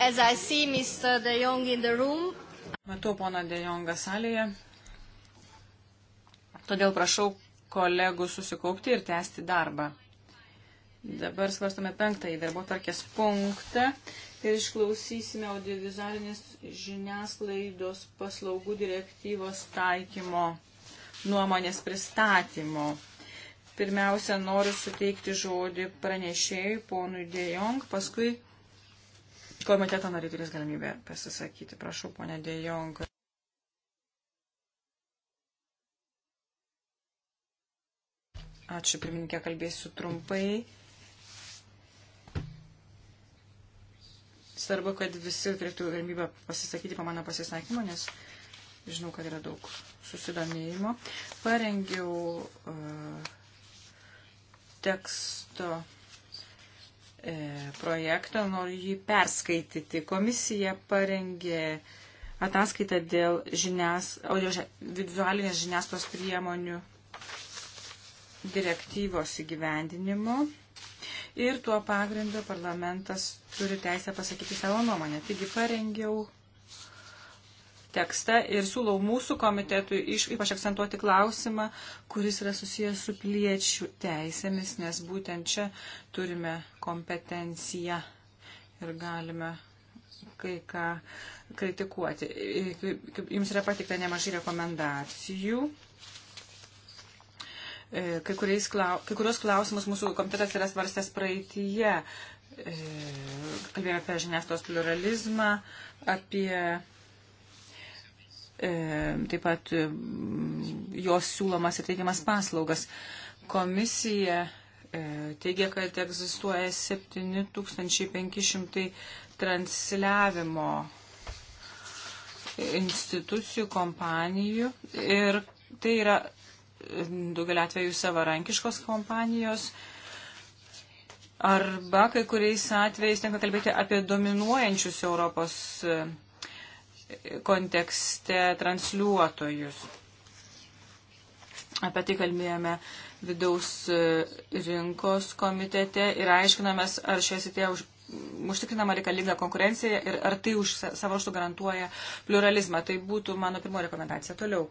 As I see Mr. De Jong in the room. Matau poną De Jongą salėje. Todėl prašau kolegų susikaupti ir tęsti darbą. Dabar svarstame penktąjį darbo tarkės punktą ir išklausysime audiovizualinės žiniasklaidos paslaugų direktyvos taikymo nuomonės pristatymo. Pirmiausia, noriu suteikti žodį pranešėjui ponui Dejong, paskui komiteto nariai turės galimybę pasisakyti. Prašau, ponė Dejong. Ačiū, pirmininkė, kalbėsiu trumpai. Svarbu, kad visi turėtų galimybę pasisakyti po mano pasisakymo, nes žinau, kad yra daug susidomėjimo. Parengiau uh, teksto E, projektą, noriu jį perskaityti. Komisija parengė ataskaitą dėl žinias, vizualinės žiniasklaidos priemonių direktyvos įgyvendinimo ir tuo pagrindu parlamentas turi teisę pasakyti savo nuomonę. Taigi parengiau tekstą ir siūlau mūsų komitetui iš, ypač akcentuoti klausimą, kuris yra susijęs su piliečių teisėmis, nes būtent čia turime kompetenciją ir galime kai ką kritikuoti. Jums yra patikta nemažai rekomendacijų. E, kai, klaus, kai kurios klausimus mūsų komitetas yra svarstęs praeitįje. E, kalbėjome apie žiniasklaidos pluralizmą, apie E, taip pat e, jos siūlomas ir teikiamas paslaugas. Komisija e, teigia, kad egzistuoja 7500 transliavimo institucijų, kompanijų ir tai yra daugelį atvejų savarankiškos kompanijos. Arba kai kuriais atvejais tenka kalbėti apie dominuojančius Europos kontekste transliuotojus. Apie tai kalbėjome vidaus e, rinkos komitete ir aiškinamės, ar šioje sitėje už, užtikrinama reikalinga konkurencija ir ar tai už savo ruoštų garantuoja pluralizmą. Tai būtų mano pirmoji rekomendacija. Toliau.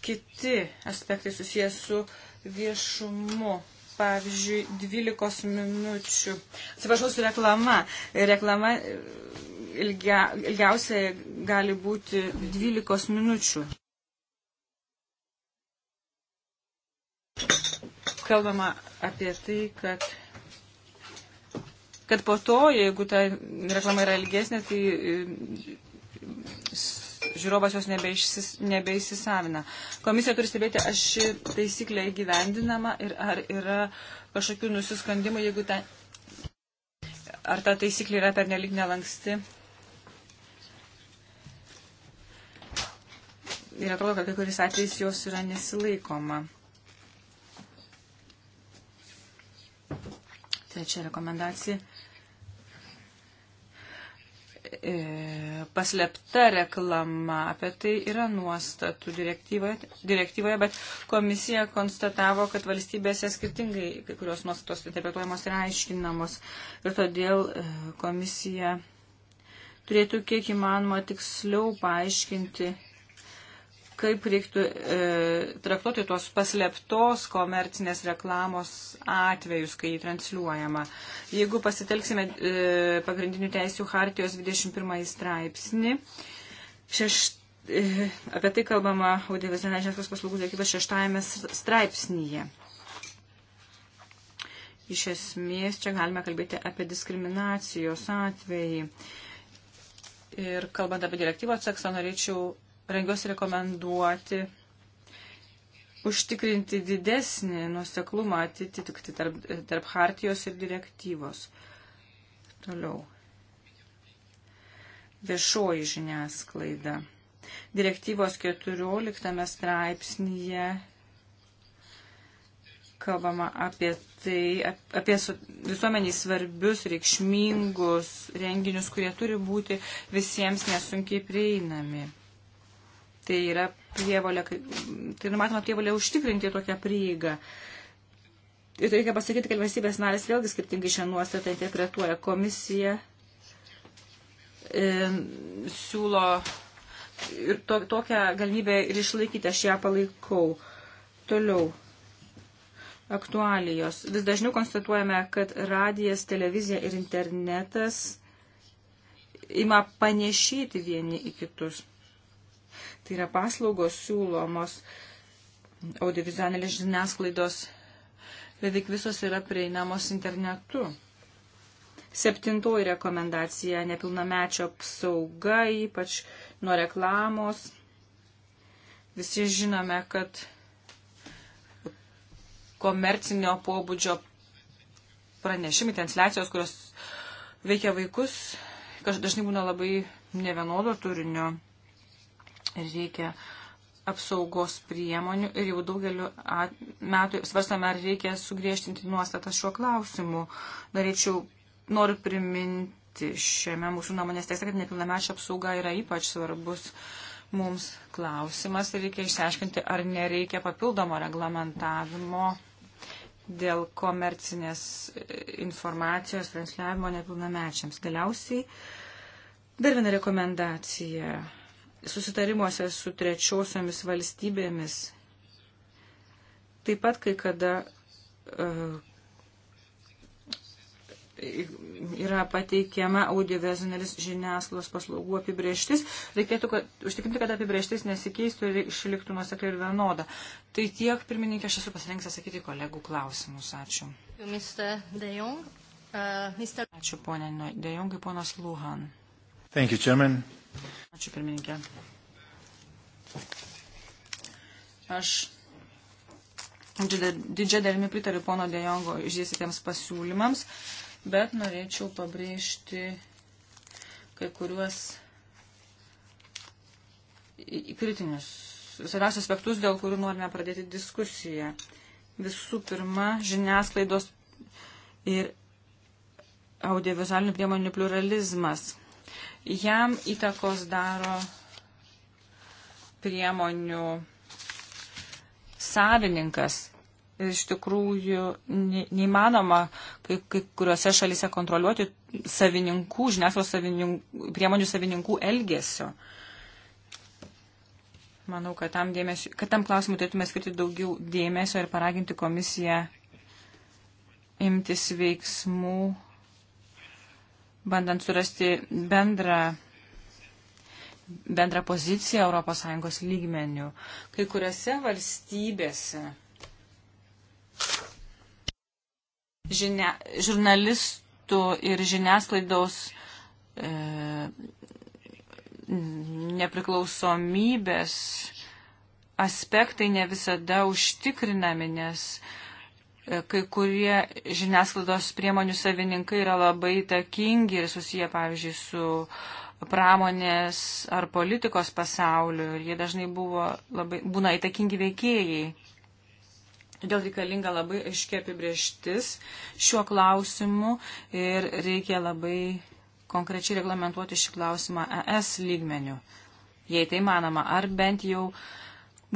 Kiti aspektai susijęs su viešumu pavyzdžiui, 12 minučių. Atsiprašau, su reklama. Reklama ilgia, ilgiausia gali būti 12 minučių. Kalbama apie tai, kad, kad po to, jeigu ta reklama yra ilgesnė, tai e, žiūrovas jos nebeišsis, nebeisisavina. Komisija turi stebėti, ar ši taisyklė įgyvendinama ir ar yra kažkokių nusiskandimų, jeigu ten, ar ta taisyklė yra pernelik nelanksti ir atrodo, kad kai kuris atvejais jos yra nesilaikoma. Trečia rekomendacija. E, paslėpta reklama apie tai yra nuostatų direktyvoje, direktyvoje, bet komisija konstatavo, kad valstybėse skirtingai kai kurios nuostatos interpretuojamos ir aiškinamos. Ir todėl e, komisija turėtų kiek įmanoma tiksliau paaiškinti kaip reiktų e, traktuoti tuos paslėptos komercinės reklamos atvejus, kai jį transliuojama. Jeigu pasitelksime e, pagrindinių teisų hartijos 21 straipsnį, šešt, e, apie tai kalbama audiovizualinės žiniasklaidos paslaugų direktyvos šeštajame straipsnyje. Iš esmės čia galime kalbėti apie diskriminacijos atvejį. Ir kalbant apie direktyvos seksą, norėčiau rengiuosi rekomenduoti užtikrinti didesnį nuseklumą atitikti tarp, tarp hartijos ir direktyvos. Toliau. Viešoji žiniasklaida. Direktyvos 14 straipsnėje kalbama apie tai, apie visuomeniai svarbius, reikšmingus renginius, kurie turi būti visiems nesunkiai prieinami. Tai yra prievalė, tai numatoma prievalė užtikrinti tokią prieigą. Ir reikia pasakyti, kad valstybės narės vėlgi skirtingai šią nuostatą interpretuoja. Komisija e, siūlo ir to, tokią galimybę ir išlaikyti, aš ją palaikau. Toliau. Aktualijos. Vis dažniau konstatuojame, kad radijas, televizija ir internetas ima panešyti vieni į kitus. Tai yra paslaugos siūlomos audiovizualinės žiniasklaidos beveik visos yra prieinamos internetu. Septintoji rekomendacija - nepilnamečio apsauga, ypač nuo reklamos. Visi žinome, kad komercinio pobūdžio pranešimai, transliacijos, kurios veikia vaikus, kažkaip dažnai būna labai nevienodo turinio reikia apsaugos priemonių ir jau daugeliu metų svarstame, ar reikia sugriežtinti nuostatą šiuo klausimu. Norėčiau, noriu priminti šiame mūsų nuomonės tekste, kad nepilnamečio apsauga yra ypač svarbus mums klausimas ir reikia išsiaiškinti, ar nereikia papildomo reglamentavimo dėl komercinės e, informacijos transliavimo nepilnamečiams. Galiausiai dar viena rekomendacija susitarimuose su trečiosiomis valstybėmis. Taip pat kai kada uh, yra pateikiama audiovizualis žiniasklaidos paslaugų apibrieštis, reikėtų kad, užtikrinti, kad apibrieštis nesikeistų ir išliktų nuosekliai ir vienoda. Tai tiek, pirmininkė, aš esu pasirengęs atsakyti kolegų klausimus. Ačiū. Uh, Ačiū, ponė Dejongai, ponas Luhan. Thank you, Chairman. Ačiū pirmininkė. Aš didžiai dalimi pritariu pono Dejongo išdėstytiems pasiūlymams, bet norėčiau pabrėžti kai kuriuos kritinius, svarbiausius aspektus, dėl kurių norime pradėti diskusiją. Visų pirma, žiniasklaidos ir audiovizualinių priemonių pluralizmas. Jam įtakos daro priemonių savininkas. Ir iš tikrųjų neįmanoma kai, kai kuriuose šalise kontroliuoti savininkų, žiniasklaidos savininkų, priemonių savininkų elgesio. Manau, kad tam, dėmesio, kad tam klausimui turėtume skirti daugiau dėmesio ir paraginti komisiją imtis veiksmų bandant surasti bendrą bendrą poziciją ES lygmenių. Kai kuriuose valstybėse žinia, žurnalistų ir žiniasklaidos e, nepriklausomybės aspektai ne visada užtikrinami, nes e, E, kai kurie žiniasklaidos priemonių savininkai yra labai įtakingi ir susiję, pavyzdžiui, su pramonės ar politikos pasauliu ir jie dažnai buvo labai, būna įtakingi veikėjai. Todėl reikalinga labai aiškia apibrieštis šiuo klausimu ir reikia labai konkrečiai reglamentuoti šį klausimą ES lygmeniu, jei tai manoma, ar bent jau uh,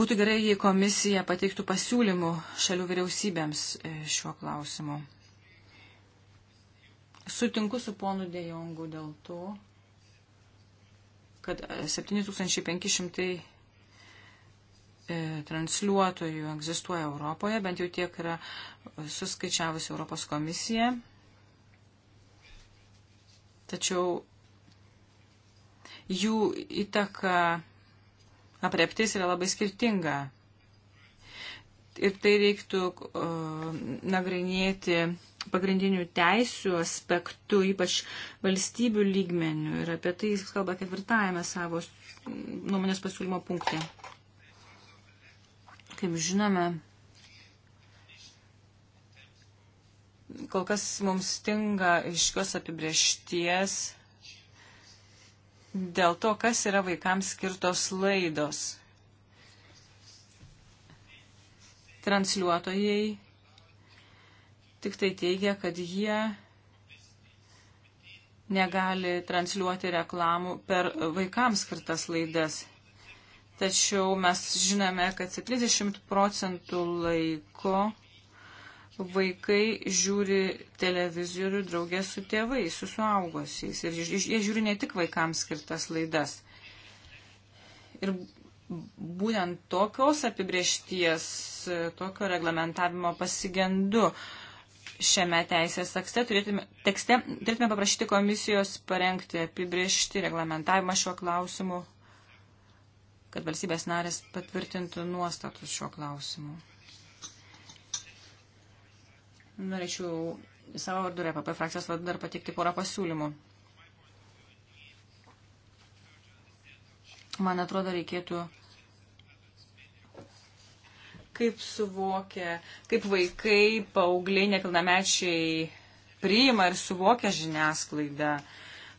Būtų gerai, jei komisija pateiktų pasiūlymų šalių vyriausybėms e, šiuo klausimu. Sutinku su ponu Dejongu dėl to, kad 7500 e, e, transliuotojų egzistuoja Europoje, bent jau tiek yra suskaičiavusi Europos komisija. Tačiau jų įtaka apreptis yra labai skirtinga. Ir tai reiktų uh, nagrinėti pagrindinių teisių aspektų, ypač valstybių lygmenių. Ir apie tai jis kalba ketvirtajame savo nuomonės pasiūlymo punkte. Kaip žinome, kol kas mums stinga iškios apibriešties dėl to, kas yra vaikams skirtos laidos. Transliuotojai tik tai teigia, kad jie negali transliuoti reklamų per vaikams skirtas laidas. Tačiau mes žinome, kad 70 procentų laiko vaikai žiūri televizorių draugė su tėvais, su suaugusiais. Ir jie žiūri ne tik vaikams skirtas laidas. Ir būtent tokios apibriešties, tokio reglamentavimo pasigendu šiame teisės akste turėtume, tekste turėtume paprašyti komisijos parengti apibriešti reglamentavimą šiuo klausimu, kad valstybės narės patvirtintų nuostatus šiuo klausimu. Norėčiau savo vardu ir EPP frakcijos vardu dar pateikti porą pasiūlymų. Man atrodo, reikėtų kaip suvokia, kaip vaikai, paaugliai, nepilnamečiai priima ir suvokia žiniasklaidą.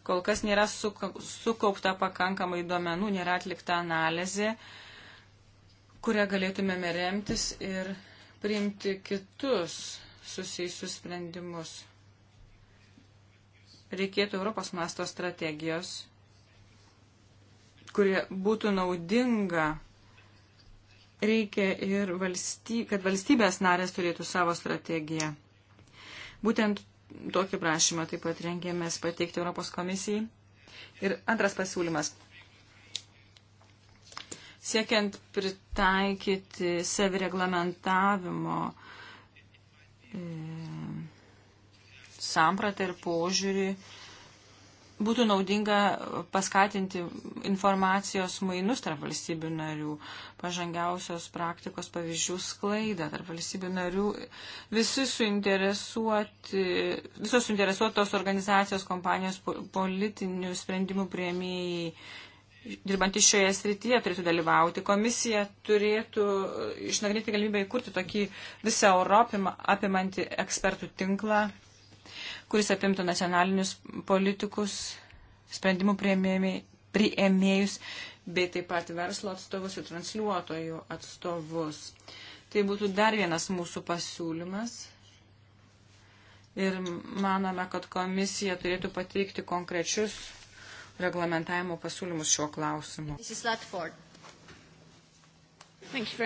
Kol kas nėra sukaupta pakankamai duomenų, nėra atlikta analizė, kurią galėtumėme remtis ir priimti kitus susijusius sprendimus. Reikėtų Europos masto strategijos, kurie būtų naudinga. Reikia ir, valsty, kad valstybės narės turėtų savo strategiją. Būtent tokį prašymą taip pat rengėmės pateikti Europos komisijai. Ir antras pasiūlymas siekiant pritaikyti savireglamentavimo E, sampratą ir požiūrį. Būtų naudinga paskatinti informacijos mainus tarp valstybių narių, pažangiausios praktikos pavyzdžių sklaidą tarp valstybių narių. Visi suinteresuoti, visos suinteresuotos organizacijos, kompanijos, politinių sprendimų prieimėjai dirbantys šioje srityje turėtų dalyvauti. Komisija turėtų išnagrinėti galimybę įkurti tokį visą Europą apimantį ekspertų tinklą, kuris apimtų nacionalinius politikus, sprendimų prieėmėjus, bei taip pat verslo atstovus ir transliuotojų atstovus. Tai būtų dar vienas mūsų pasiūlymas. Ir manome, kad komisija turėtų pateikti konkrečius reglamentavimo pasiūlymus šiuo klausimu.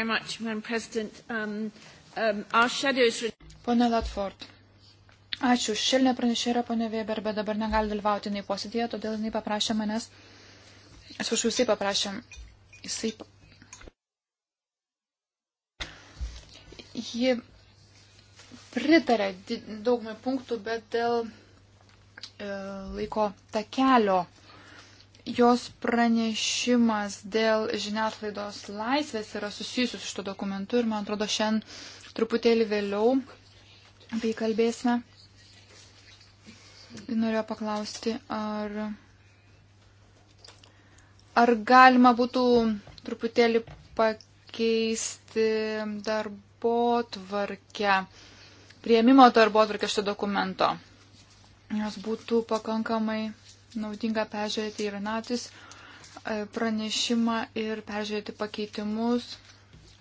Much, um, um, shadows... Pone Latford, ačiū. Šilnė pranešė yra ponė Weber, bet dabar negali dalyvauti nei posėdėje, todėl jinai paprašė manęs. Atsiprašau, jisai paprašė. Jisai... Ji pritarė daugumai punktų, bet dėl e, laiko takelio kelio jos pranešimas dėl žiniasklaidos laisvės yra susijusius su šito dokumentu ir man atrodo šiandien truputėlį vėliau apie jį kalbėsime. Norėjau paklausti, ar, ar galima būtų truputėlį pakeisti darbo tvarkę, prieimimo darbo tvarkę šito dokumento. Jos būtų pakankamai naudinga peržiūrėti ir natis e, pranešimą ir peržiūrėti pakeitimus,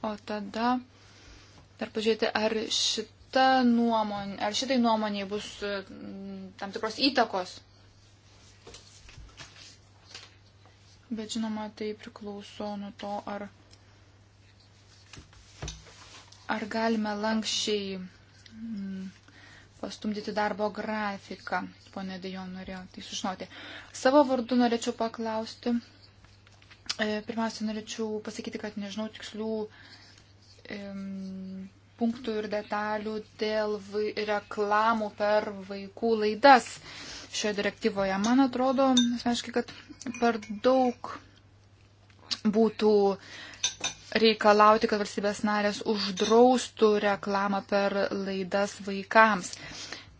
o tada dar pažiūrėti, ar šita nuomonė, ar šitai nuomonė bus e, tam tikros įtakos. Bet žinoma, tai priklauso nuo to, ar, ar galime lankščiai. Mm, pastumdyti darbo grafiką. Pone Dejon norėjo tai sužinoti. Savo vardu norėčiau paklausti. E, pirmiausia, norėčiau pasakyti, kad nežinau tikslių punktų ir detalių dėl reklamų per vaikų laidas šioje direktyvoje. Man atrodo, asmeniškai, kad per daug būtų reikalauti, kad valstybės narės uždraustų reklamą per laidas vaikams.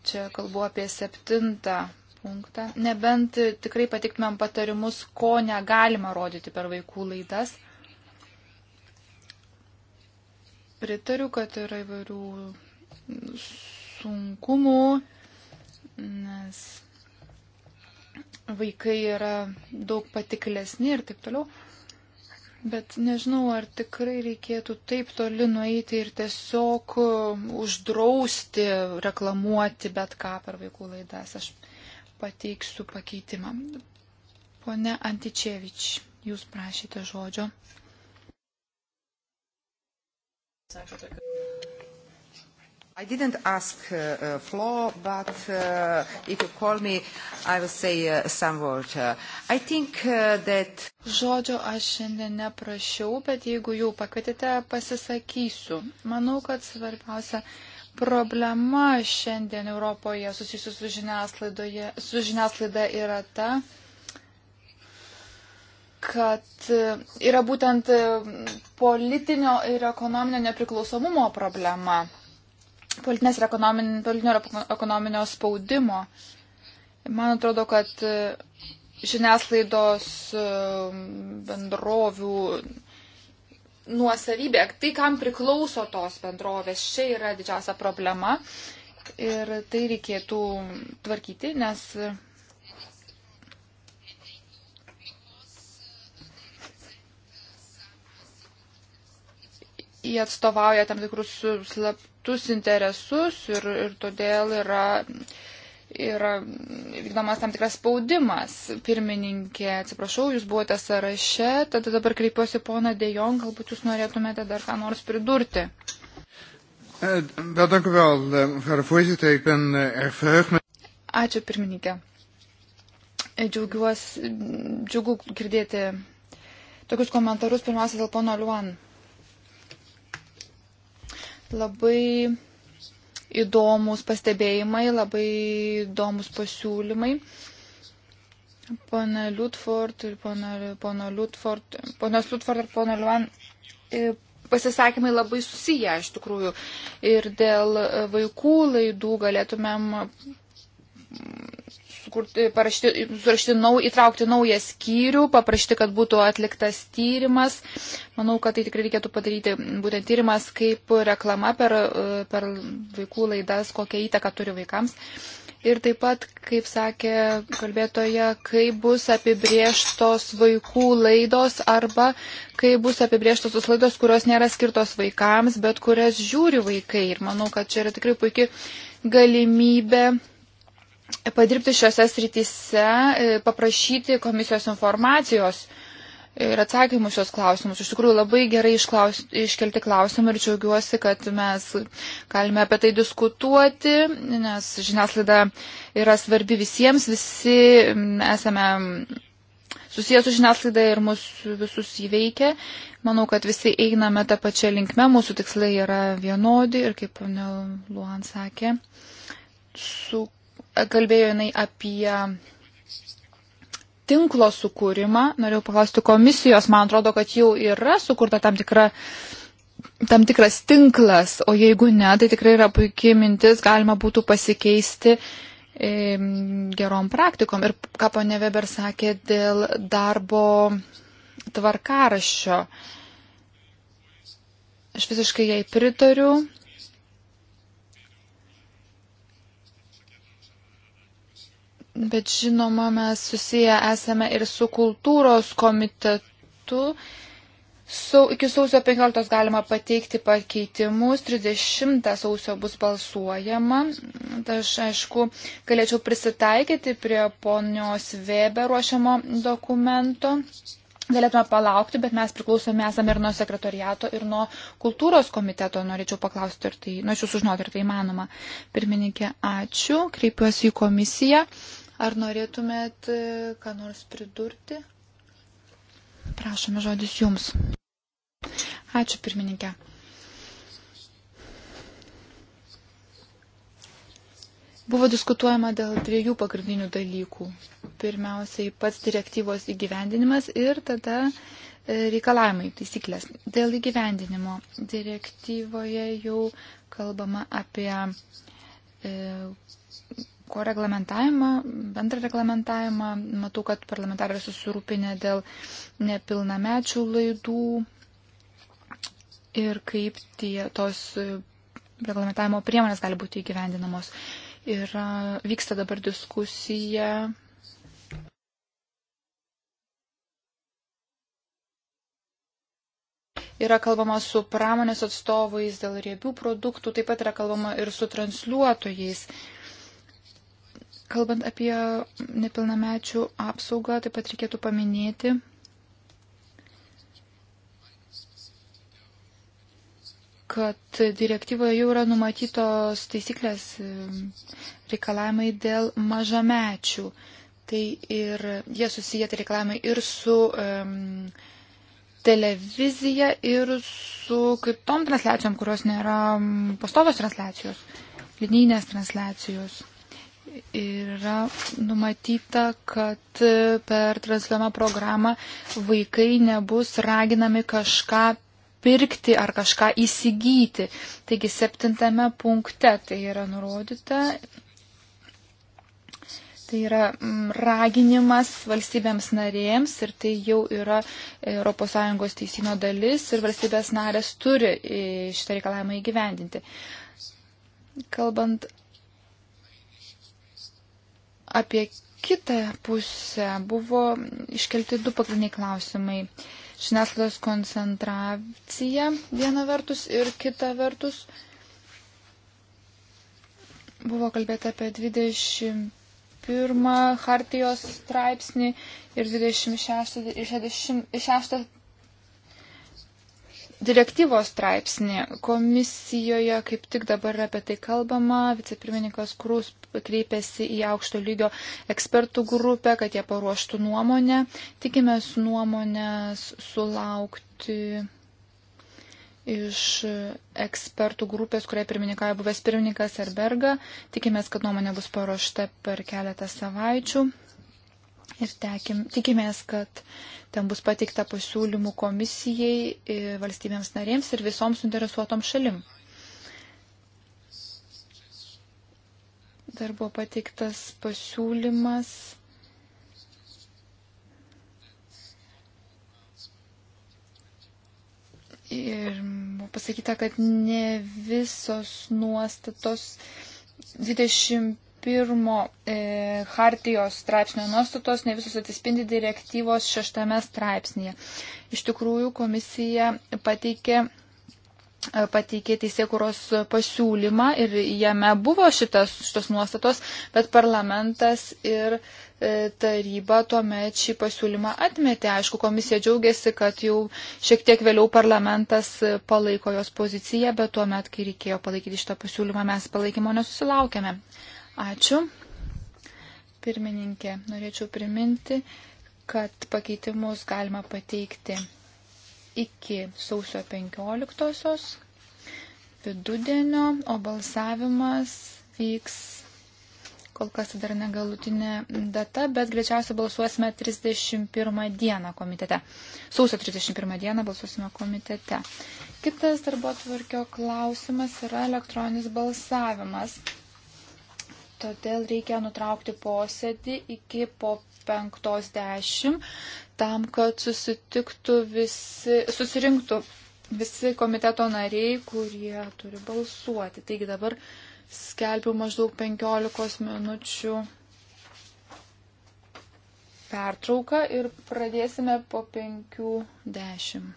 Čia kalbu apie septintą punktą. Nebent tikrai patiktumėm patarimus, ko negalima rodyti per vaikų laidas. Pritariu, kad yra įvairių sunkumų, nes vaikai yra daug patiklesni ir taip toliau. Bet nežinau, ar tikrai reikėtų taip toli nueiti ir tiesiog uždrausti reklamuoti bet ką per vaikų laidas. Aš pateiksiu pakeitimą. Pone Antičevič, jūs prašyte žodžio. Ačiū, I didn't ask uh, uh floor, but uh, if you call me, I will say uh, some word. Uh, I think uh, that... Žodžio aš šiandien neprašiau, bet jeigu jau pakvietėte, pasisakysiu. Manau, kad svarbiausia problema šiandien Europoje susijusi su, su žiniasklaida yra ta, kad e, yra būtent e, politinio ir ekonominio nepriklausomumo problema politinės ir ekonominio, politinio ir ekonominio spaudimo. Man atrodo, kad e, žiniasklaidos e, bendrovių nuosavybė, tai kam priklauso tos bendrovės, čia yra didžiausia problema ir tai reikėtų tvarkyti, nes. E, jie atstovauja tam tikrus slap, kitus interesus ir, ir todėl yra, yra vykdomas tam tikras spaudimas. Pirmininkė, atsiprašau, jūs buvote sąraše, tada dabar kreipiuosi poną Dejon, galbūt jūs norėtumėte dar ką nors pridurti. Eh, eh, Ačiū pirmininkė. Džiaugiuosi, džiugu girdėti tokius komentarus pirmiausia dėl pono Liuan. Labai įdomus pastebėjimai, labai įdomus pasiūlymai. Pana Liutford ir pana, pana Liutford, ponas Liutford ir pana Liuan e, pasisakymai labai susiję iš tikrųjų. Ir dėl vaikų laidų galėtumėm sukurti, parašti, surašti nau, įtraukti naują skyrių, paprašti, kad būtų atliktas tyrimas. Manau, kad tai tikrai reikėtų padaryti būtent tyrimas, kaip reklama per, per vaikų laidas, kokią įtaką turi vaikams. Ir taip pat, kaip sakė kalbėtoja, kaip bus apibrieštos vaikų laidos arba kaip bus apibrieštos tos laidos, kurios nėra skirtos vaikams, bet kurias žiūri vaikai. Ir manau, kad čia yra tikrai puikia galimybė padirbti šiuose srityse, e, paprašyti komisijos informacijos ir atsakymų šios klausimus. Iš tikrųjų labai gerai išklaus, iškelti klausimą ir džiaugiuosi, kad mes galime apie tai diskutuoti, nes žiniaslaida yra svarbi visiems, visi esame susijęs su žiniaslaida ir mus visus įveikia. Manau, kad visi einame tą pačią linkmę, mūsų tikslai yra vienodi ir kaip Luan sakė, su kalbėjo jinai apie tinklo sukūrimą. Norėjau paklausti komisijos, man atrodo, kad jau yra sukurta tam tikra tam tikras tinklas, o jeigu ne, tai tikrai yra puikiai mintis, galima būtų pasikeisti e, gerom praktikom. Ir ką ponė Weber sakė dėl darbo tvarkaraščio. Aš visiškai jai pritariu. Bet žinoma, mes susiję esame ir su kultūros komitetu. Sau, iki sausio 15 galima pateikti pakeitimus, 30 sausio bus balsuojama. Aš, aišku, galėčiau prisitaikyti prie ponios Weber ruošiamo dokumento. Galėtume palaukti, bet mes priklausome esame ir nuo sekretoriato, ir nuo kultūros komiteto. Norėčiau paklausti, ar tai, norėčiau sužinoti, ar tai įmanoma. Pirmininkė, ačiū. Kreipiuosi į komisiją. Ar norėtumėt e, ką nors pridurti? Prašome žodis jums. Ačiū pirmininkė. Buvo diskutuojama dėl dviejų pagrindinių dalykų. Pirmiausiai pats direktyvos įgyvendinimas ir tada e, reikalavimai, taisyklės. Dėl įgyvendinimo direktyvoje jau kalbama apie e, ko reglamentavimą, bendrą reglamentavimą. Matau, kad parlamentarai susirūpinę dėl nepilnamečių laidų ir kaip tie, tos reglamentavimo priemonės gali būti įgyvendinamos. Ir vyksta dabar diskusija yra kalbama su pramonės atstovais dėl riebių produktų, taip pat yra kalbama ir su transliuotojais. Kalbant apie nepilnamečių apsaugą, taip pat reikėtų paminėti, kad direktyvoje jau yra numatytos taisyklės e, reikalavimai dėl mažamečių. Tai ir jie susiję tai reikalavimai ir su um, televizija, ir su kitom transliacijom, kurios nėra um, pastovios transliacijos, linijinės transliacijos yra numatyta, kad e, per transliuojamą programą vaikai nebus raginami kažką pirkti ar kažką įsigyti. Taigi septintame punkte tai yra nurodyta. Tai yra mm, raginimas valstybėms narėms ir tai jau yra ES teisino dalis ir valstybės narės turi e, šitą reikalavimą įgyvendinti. Kalbant apie kitą pusę buvo iškelti du pagrindiniai klausimai. Žiniasklaidos koncentracija viena vertus ir kita vertus buvo kalbėta apie 21 hartijos straipsnį ir 26, 26 direktyvos straipsnį. Komisijoje kaip tik dabar apie tai kalbama. Vicepirmininkas Krūs kreipėsi į aukšto lygio ekspertų grupę, kad jie paruoštų nuomonę. Tikimės nuomonės sulaukti iš ekspertų grupės, kuriai pirmininkavo buvęs pirmininkas Erberga. Tikimės, kad nuomonė bus paruošta per keletą savaičių. Ir tekim, tikimės, kad ten bus pateikta pasiūlymų komisijai, e, valstybėms narėms ir visoms suinteresuotom šalim. Dar buvo pateiktas pasiūlymas. Ir buvo pasakyta, kad ne visos nuostatos 25 pirmo e, hartijos straipsnio nuostatos ne visos atsispindi direktyvos šeštame straipsnėje. Iš tikrųjų, komisija pateikė e, pateikė teisėkuros pasiūlymą ir jame buvo šitas, šitos nuostatos, bet parlamentas ir e, taryba tuomet šį pasiūlymą atmetė. Aišku, komisija džiaugiasi, kad jau šiek tiek vėliau parlamentas palaiko jos poziciją, bet tuomet, kai reikėjo palaikyti šitą pasiūlymą, mes palaikymo nesusilaukėme. Ačiū. Pirmininkė, norėčiau priminti, kad pakeitimus galima pateikti iki sausio 15-osios vidudienio, o balsavimas vyks kol kas dar negalutinė data, bet greičiausiai balsuosime 31 dieną komitete. Sausio 31 dieną balsuosime komitete. Kitas darbo tvarkio klausimas yra elektroninis balsavimas. Todėl reikia nutraukti posėdį iki po 5.10 tam, kad susitiktų visi, susirinktų visi komiteto nariai, kurie turi balsuoti. Taigi dabar skelbiu maždaug 15 minučių pertrauką ir pradėsime po 5.10.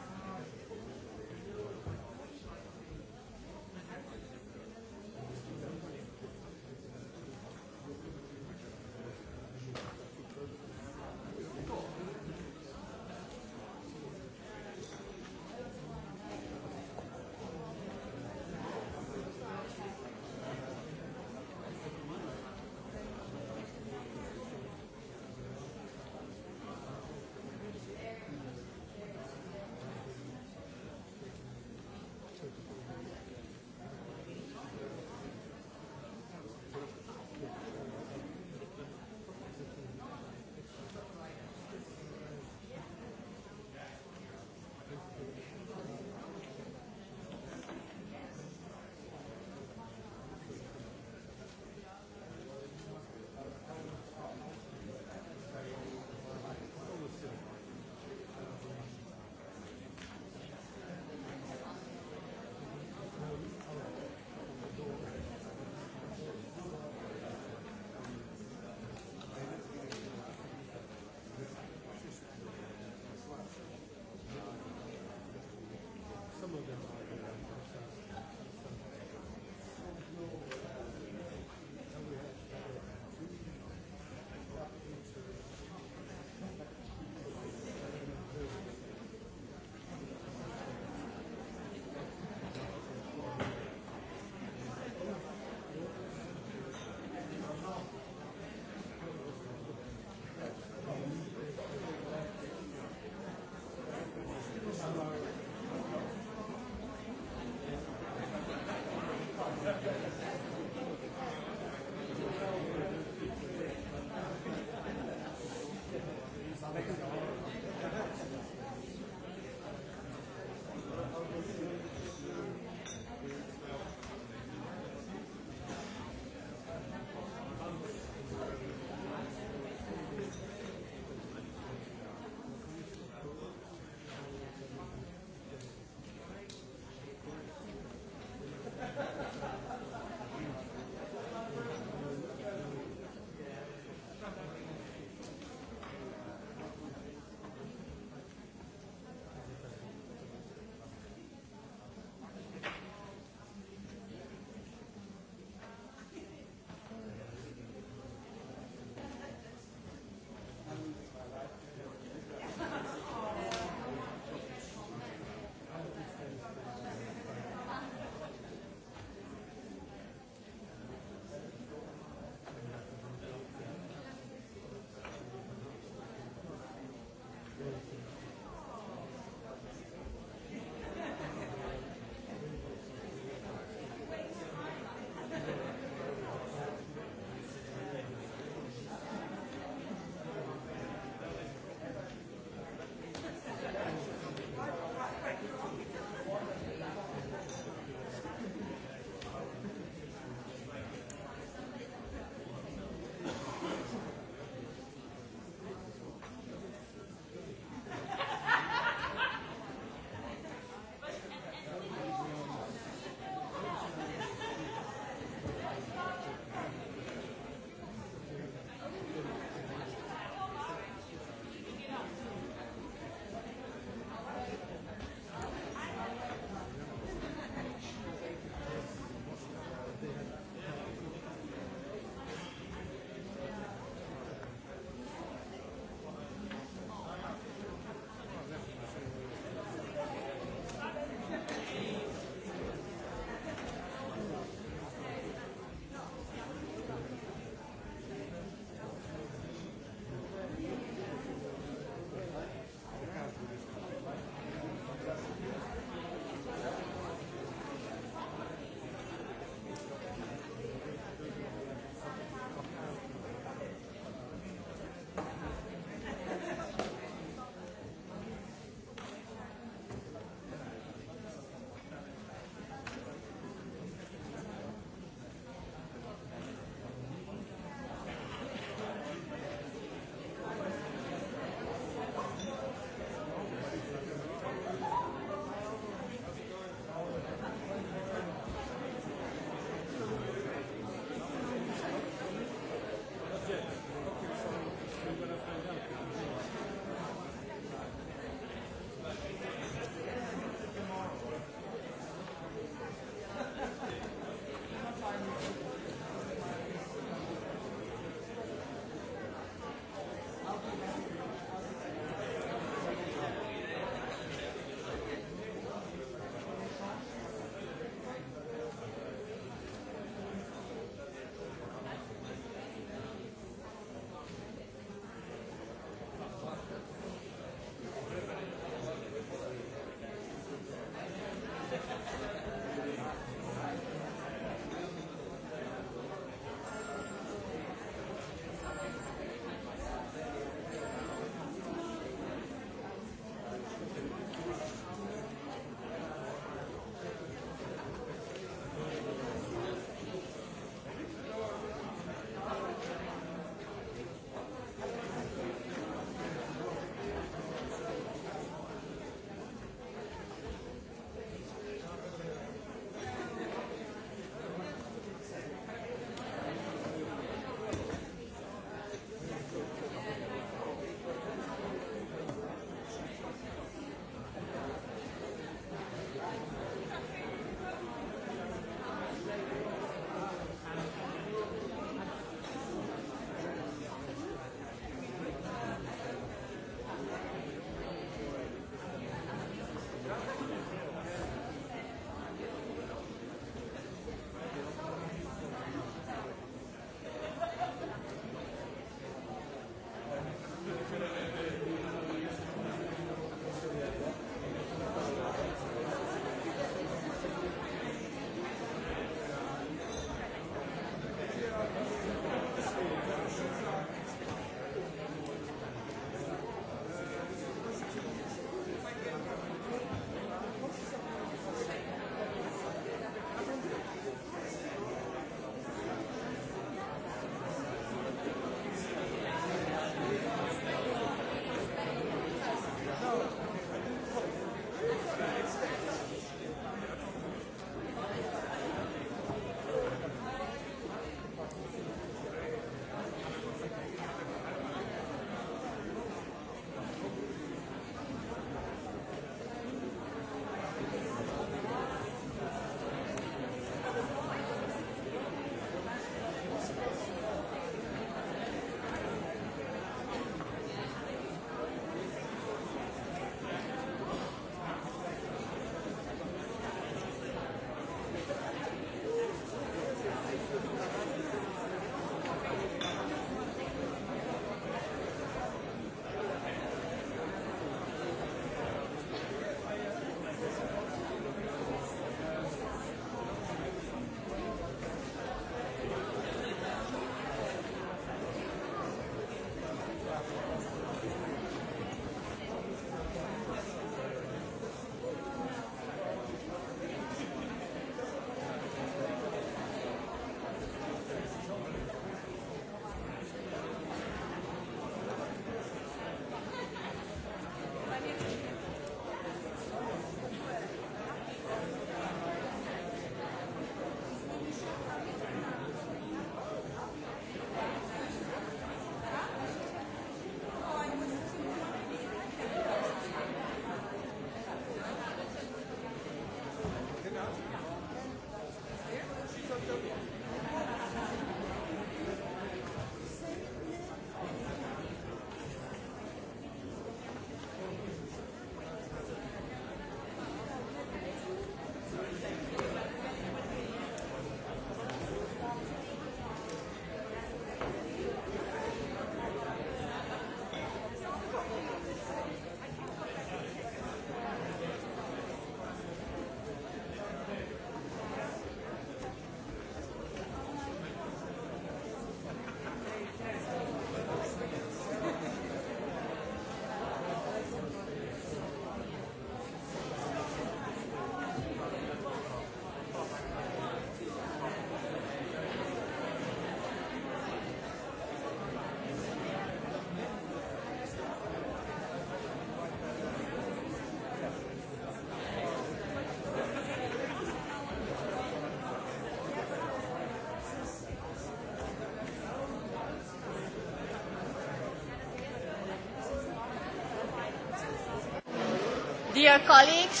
Dear colleagues,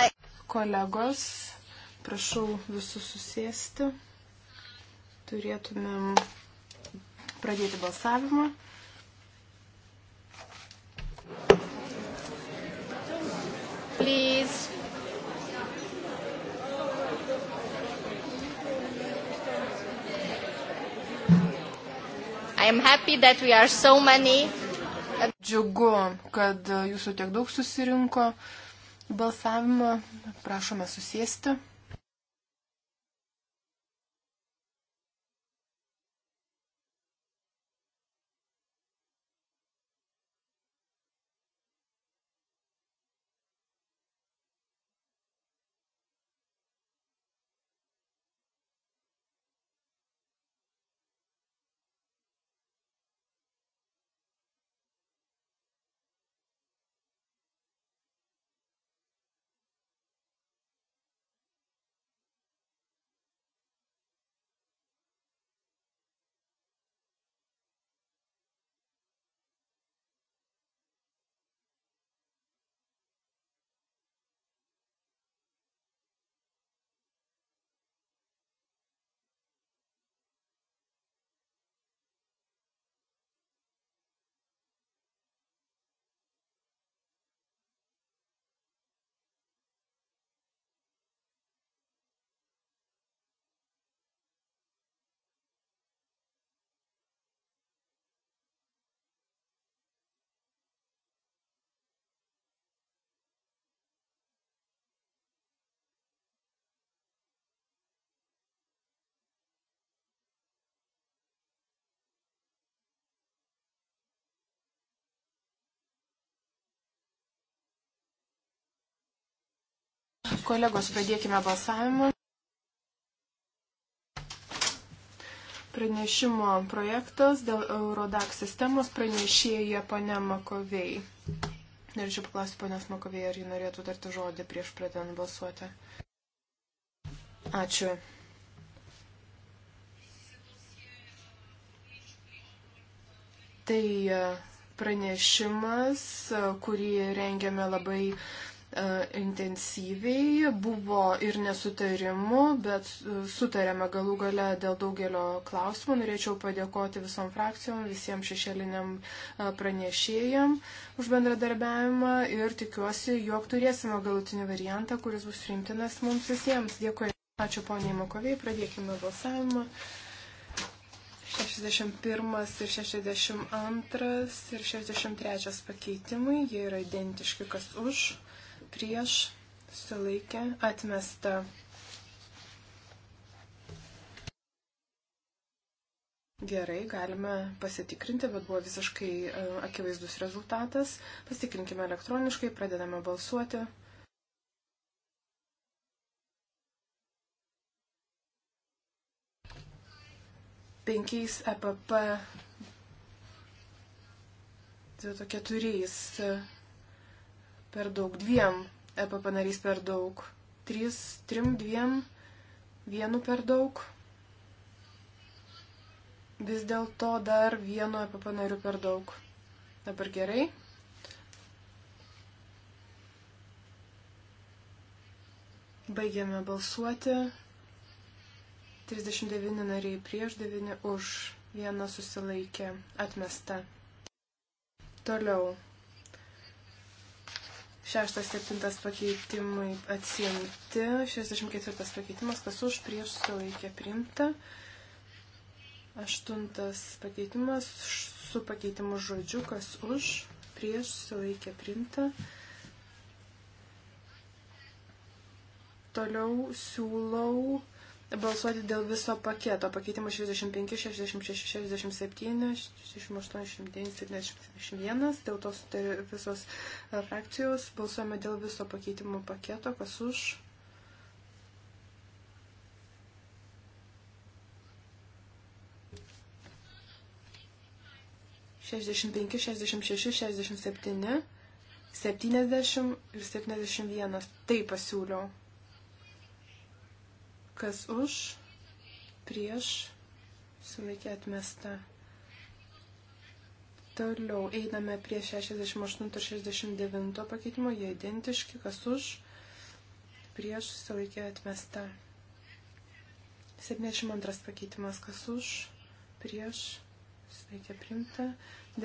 I... Kolegos, prašau visus susėsti. Turėtumėm pradėti balsavimą. Please. I am happy that we are so many Džiugu, kad jūsų tiek daug susirinko balsavimą. Prašome susėsti. Kolegos, pradėkime balsavimą. Pranešimo projektas dėl Eurodax sistemos pranešėja pane Makovei. Norėčiau paklausti ponios Makovei, ar ji norėtų tarti žodį prieš pradedant balsuoti. Ačiū. Tai e, pranešimas, kurį rengiame labai E, intensyviai, buvo ir nesutarimų, bet sutarėme galų gale dėl daugelio klausimų. Norėčiau padėkoti visom frakcijom, visiems šešėliniam e, pranešėjam už bendradarbiavimą ir tikiuosi, jog turėsime galutinį variantą, kuris bus rimtinas mums visiems. Dėkui. Ačiū poniai Makoviai, pradėkime balsavimą. 61 ir 62 ir 63 pakeitimai, jie yra identiški, kas už prieš, susilaikė, atmesta. Gerai, galime pasitikrinti, bet buvo visiškai e, akivaizdus rezultatas. Pasitikrinkime elektroniškai, pradedame balsuoti. Penkiais EPP keturiais per daug, dviem EPP narys per daug, trys, trim, dviem, vienu per daug. Vis dėlto dar vienu EPP nariu per daug. Dabar gerai. Baigiame balsuoti. 39 nariai prieš 9 už, vieną susilaikė, atmesta. Toliau. 6-7 pakeitimai atsiimti, 64 pakeitimas, kas už prieš sulaikė priimta, 8 pakeitimas su pakeitimu žodžiu, kas už prieš sulaikė priimta. Toliau siūlau balsuoti dėl viso paketo. Pakeitimų 65, 66, 67, 68, 69, 71. Dėl tos tai visos frakcijos balsuojame dėl viso pakeitimų paketo. Kas už? Šešdešimt penki, šešdešimt šeši, šešdešimt septyni, septyniasdešimt ir septyniasdešimt vienas. Tai pasiūliau. Kas už, prieš, sulaikė atmesta. Toliau einame prie 68-69 pakeitimo, jie identiški, kas už, prieš, sulaikė atmesta. 72 pakeitimas, kas už, prieš, sulaikė primta.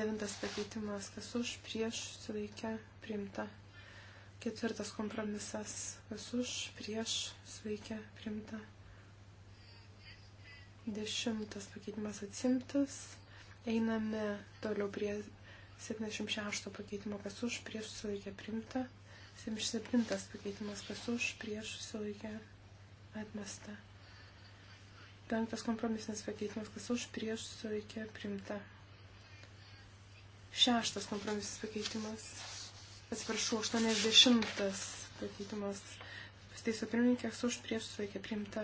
9 pakeitimas, kas už, prieš, sulaikė primta. Ketvirtas kompromisas. Kas už, prieš, sveikia, primta. Dešimtas pakeitimas atsimtas. Einame toliau prie 76 pakeitimo, kas už, prieš, sveikia, primta. 77 pakeitimas, kas už, prieš, sveikia, atmesta. Penktas kompromisinis pakeitimas, kas už, prieš, sveikia, primta. Šeštas kompromisinis pakeitimas atsiprašau, 80 pakeitimas. Pasitaiso pirmininkė, kas už prieš sulaikė priimta.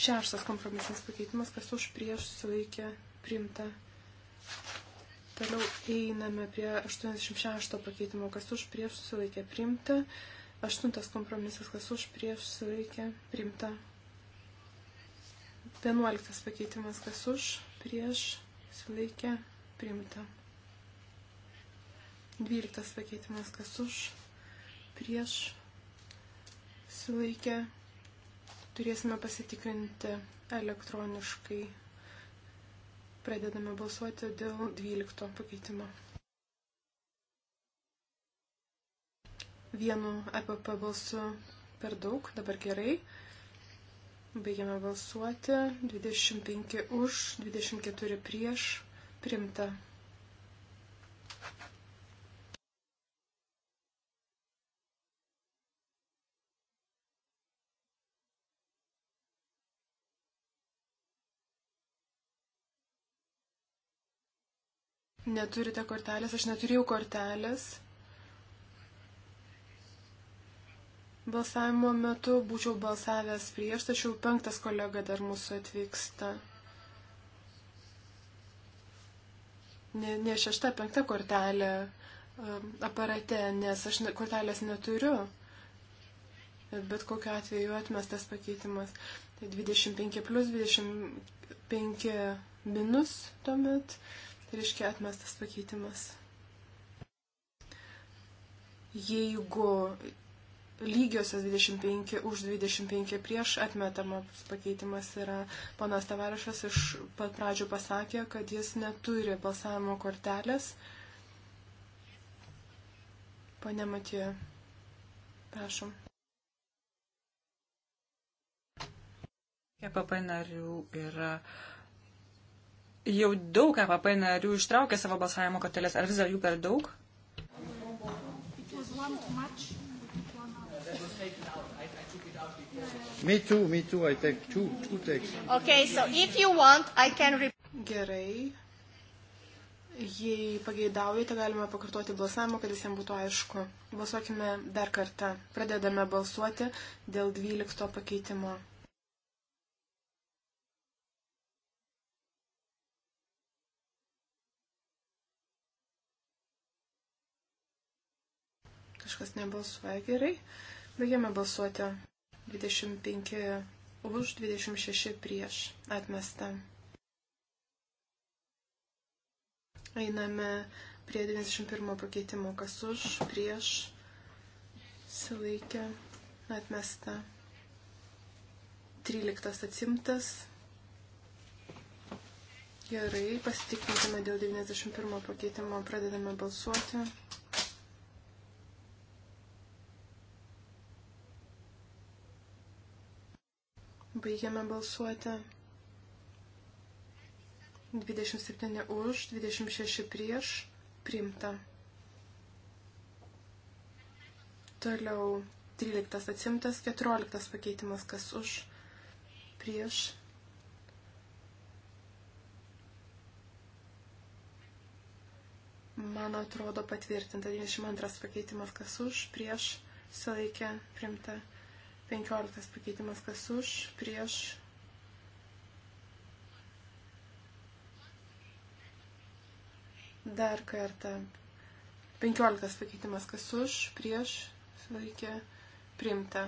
Šeštas kompromisinis pakeitimas, kas už prieš sulaikė priimta. Toliau einame prie 86 pakeitimo, kas už prieš sulaikė priimta. Aštuntas kompromisas, kas už prieš sulaikė priimta. Vienuoliktas pakeitimas, kas už prieš sulaikė priimta. Dvyliktas pakeitimas, kas už, prieš, sulaikę. Turėsime pasitikrinti elektroniškai. Pradedame balsuoti dėl dvylikto pakeitimo. Vienu EPP balsu per daug, dabar gerai. Baigiame balsuoti. 25 už, 24 prieš. Primta. Neturite kortelės, aš neturėjau kortelės. Balsavimo metu būčiau balsavęs prieš, tačiau penktas kolega dar mūsų atvyksta. Ne, ne šešta, penkta kortelė um, aparate, nes aš kortelės neturiu. Bet kokiu atveju atmestas pakeitimas. Tai 25 plus 25 minus tuomet reiškia atmestas pakeitimas. Jeigu lygiosios 25 už 25 prieš atmetamas pakeitimas yra, panas Tavarišas iš pat pradžių pasakė, kad jis neturi balsavimo kortelės. Pane Matija, prašom. EPP narių yra uh, jau daug EPP narių ištraukė savo balsavimo kortelės. Ar vis dar jų per daug? Me too, me too, I take two, two takes. Okay, so if you want, I can... Gerai. Jei pageidaujate, galime pakartoti balsavimą, kad visiems būtų aišku. Balsuokime dar kartą. Pradedame balsuoti dėl 12 pakeitimo. Kažkas nebalsuoja gerai. Baigiame balsuoti. 25 už, 26 prieš. Atmesta. Einame prie 91 pakeitimo. Kas už, prieš. Silaikę. Atmesta. 13 atsimtas. Gerai, pasitikrinkime dėl 91 pakeitimo, pradedame balsuoti. Baigiame balsuoti. 27 už, 26 prieš, priimta. Toliau 13 atsimtas, 14 pakeitimas, kas už, prieš. Man atrodo patvirtinta 92 pakeitimas, kas už, prieš, sulaikė, priimta. 15 pakeitimas kas už, prieš. Dar kartą. 15 pakeitimas kas už, prieš, sveiki, primta.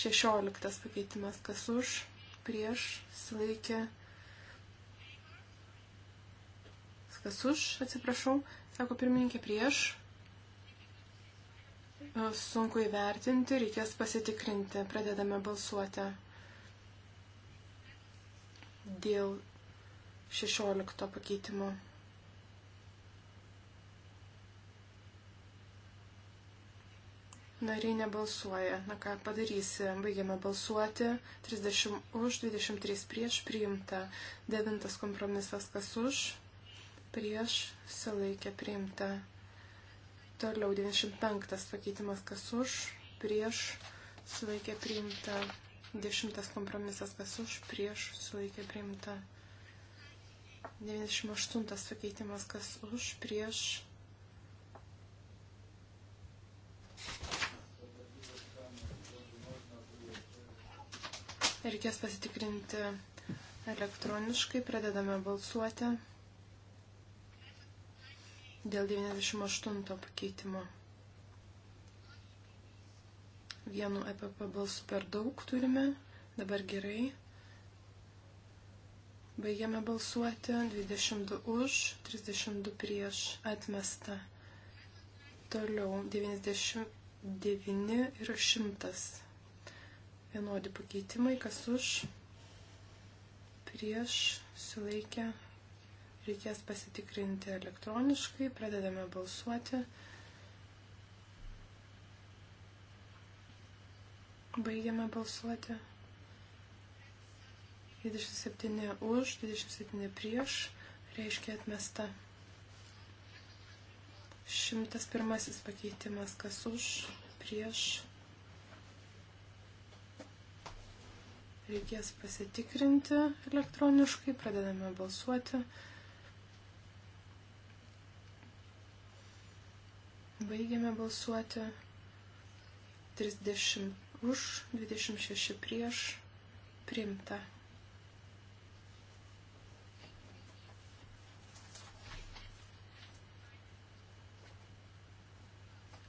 16 pakeitimas kas už, prieš, sveiki. Kas už, atsiprašau, sako pirmininkė, prieš, sunku įvertinti, reikės pasitikrinti. Pradedame balsuoti dėl 16 pakeitimo. Nariai nebalsuoja. Na ką padarysi? Baigiame balsuoti. 30 už, 23 prieš priimta. Devintas kompromisas kas už, prieš, silaikė priimta. Toliau 95 pakeitimas kas už, prieš sulaikė priimta. 10 kompromisas kas už, prieš sulaikė priimta. 98 pakeitimas kas už, prieš. Reikės pasitikrinti elektroniškai, pradedame balsuoti dėl 98 pakeitimo. Vienu EPP balsu per daug turime, dabar gerai. Baigiame balsuoti, 22 už, 32 prieš, atmesta. Toliau 99 ir 100. Vienodi pakeitimai, kas už, prieš, sulaikę, Reikės pasitikrinti elektroniškai, pradedame balsuoti. Baigiame balsuoti. 27 už, 27 prieš, reiškia atmesta. 101 pakeitimas, kas už, prieš. Reikės pasitikrinti elektroniškai, pradedame balsuoti. Baigiame balsuoti 30 už, 26 prieš, primta.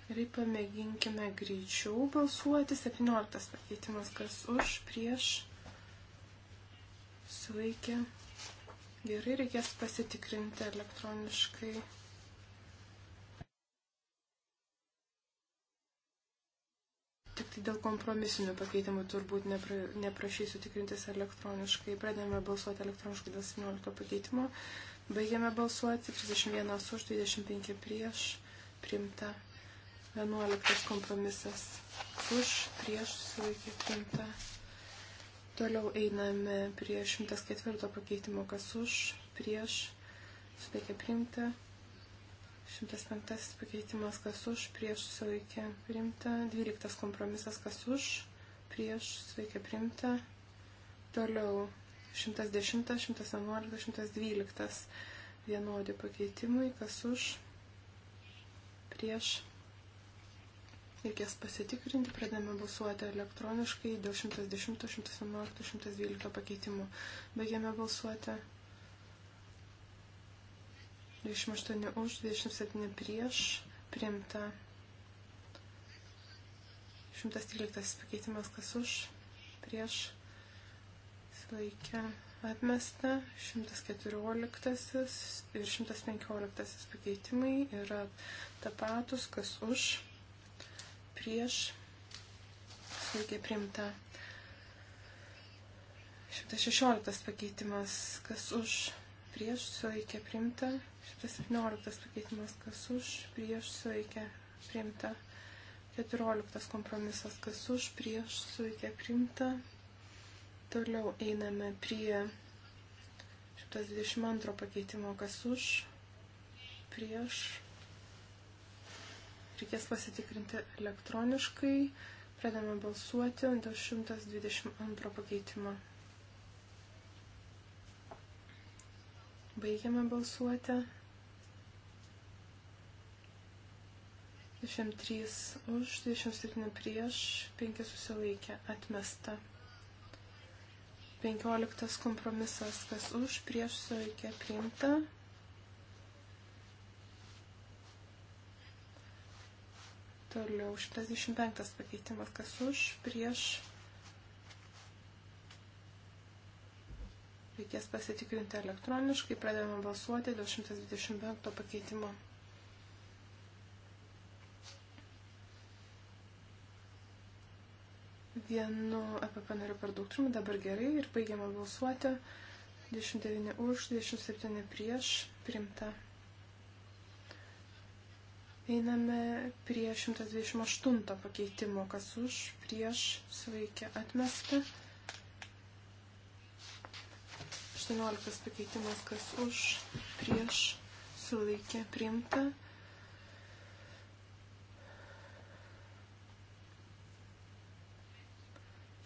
Gerai, pamėginkime greičiau balsuoti. 17 pakeitimas, kas už, prieš, sulaikė. Gerai, reikės pasitikrinti elektroniškai. Tik tai dėl kompromisinių pakeitimų turbūt nepra, neprašysiu tikrintis elektroniškai. Pradėjome balsuoti elektroniškai dėl 17 pakeitimo. Baigėme balsuoti 31 už 25 prieš. Primta 11 kompromisas. Už prieš susilaikė primta. Toliau einame prie 104 pakeitimo, kas už prieš susilaikė primta. 105 pakeitimas kas už, prieš susilaikė primta. 12 kompromisas kas už, prieš susilaikė primta. Toliau 110, 111, 112 vienodi pakeitimai kas už, prieš. Reikės pasitikrinti, pradame balsuoti elektroniškai dėl 110, 111, 112 pakeitimų. Baigėme balsuoti. 28 už, 27 prieš, priimta 113 pakeitimas, kas už, prieš, sveikia, atmesta, 114 ir 115 pakeitimai yra tapatus, kas už, prieš, sveikia, priimta 116 pakeitimas, kas už, prieš, prieš susilaikė priimta, 117 pakeitimas kas už, prieš susilaikė priimta, 14 kompromisas kas už, prieš susilaikė priimta. Toliau einame prie 122 pakeitimo kas už, prieš. Reikės pasitikrinti elektroniškai. Pradame balsuoti dėl 122 pakeitimo. Baigiame balsuoti. 23 už, 27 prieš, 5 susilaikė, atmesta. 15 kompromisas, kas už, prieš susilaikė, priimta. Toliau 65 pakeitimas, kas už, prieš susilaikė. Reikės pasitikrinti elektroniškai. Pradėjome balsuoti dėl 125 pakeitimo. Vienu EPP nariu per daug turime, dabar gerai ir baigiame balsuoti. 29 už, 27 prieš, primta. Einame prie 128 pakeitimo, kas už, prieš, sulaikė, atmesta. 18 pakeitimas, kas už, prieš, sulaikė, priimta.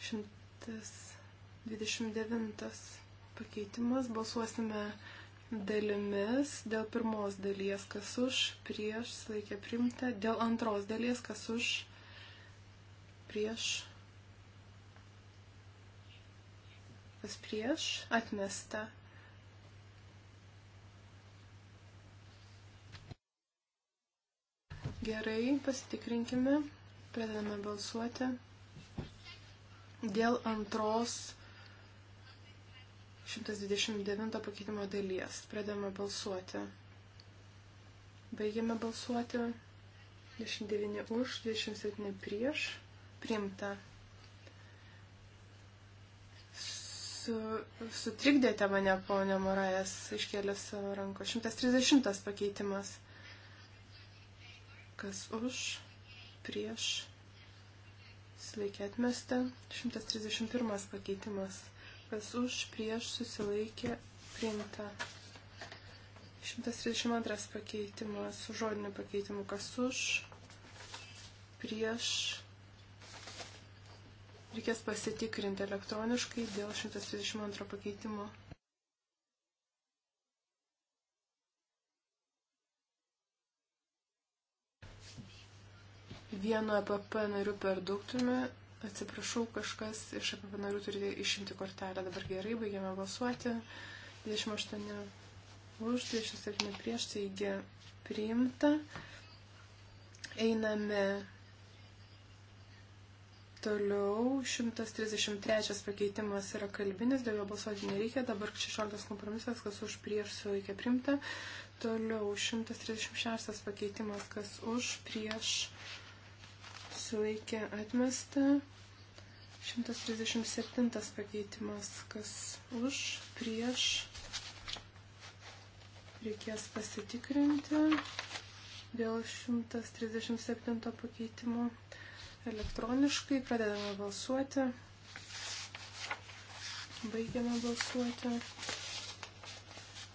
Šimtas 29 pakeitimas, balsuosime dalimis, dėl pirmos dalies, kas už, prieš, sulaikė, priimta, dėl antros dalies, kas už, prieš, kas prieš, atmesta. Gerai, pasitikrinkime, pradedame balsuoti dėl antros 129 pakeitimo dalies. Pradedame balsuoti. Baigiame balsuoti. 29 už, 27 prieš. Primta. sutrikdėte mane, ponė Morajas, iškėlęs savo ranką. 130 pakeitimas. Kas už, prieš, sulaikė atmestą. 131 pakeitimas. Kas už, prieš, susilaikė, priimta. 132 pakeitimas, su žodiniu pakeitimu. Kas už, prieš, Reikės pasitikrinti elektroniškai dėl 132 pakeitimo. Vieno EPP narių per daug turime. Atsiprašau, kažkas iš EPP narių turite išimti kortelę. Dabar gerai, baigiame balsuoti. 28 už, 27 prieš, taigi priimta. Einame Toliau 133 pakeitimas yra kalbinis, dėl jo balsuoti nereikia. Dabar 16 kompromisas, kas už prieš sulaikė primta. Toliau 136 pakeitimas, kas už prieš sulaikė atmesta. 137 pakeitimas, kas už prieš reikės pasitikrinti dėl 137 pakeitimo elektroniškai, pradedame balsuoti, baigiame balsuoti.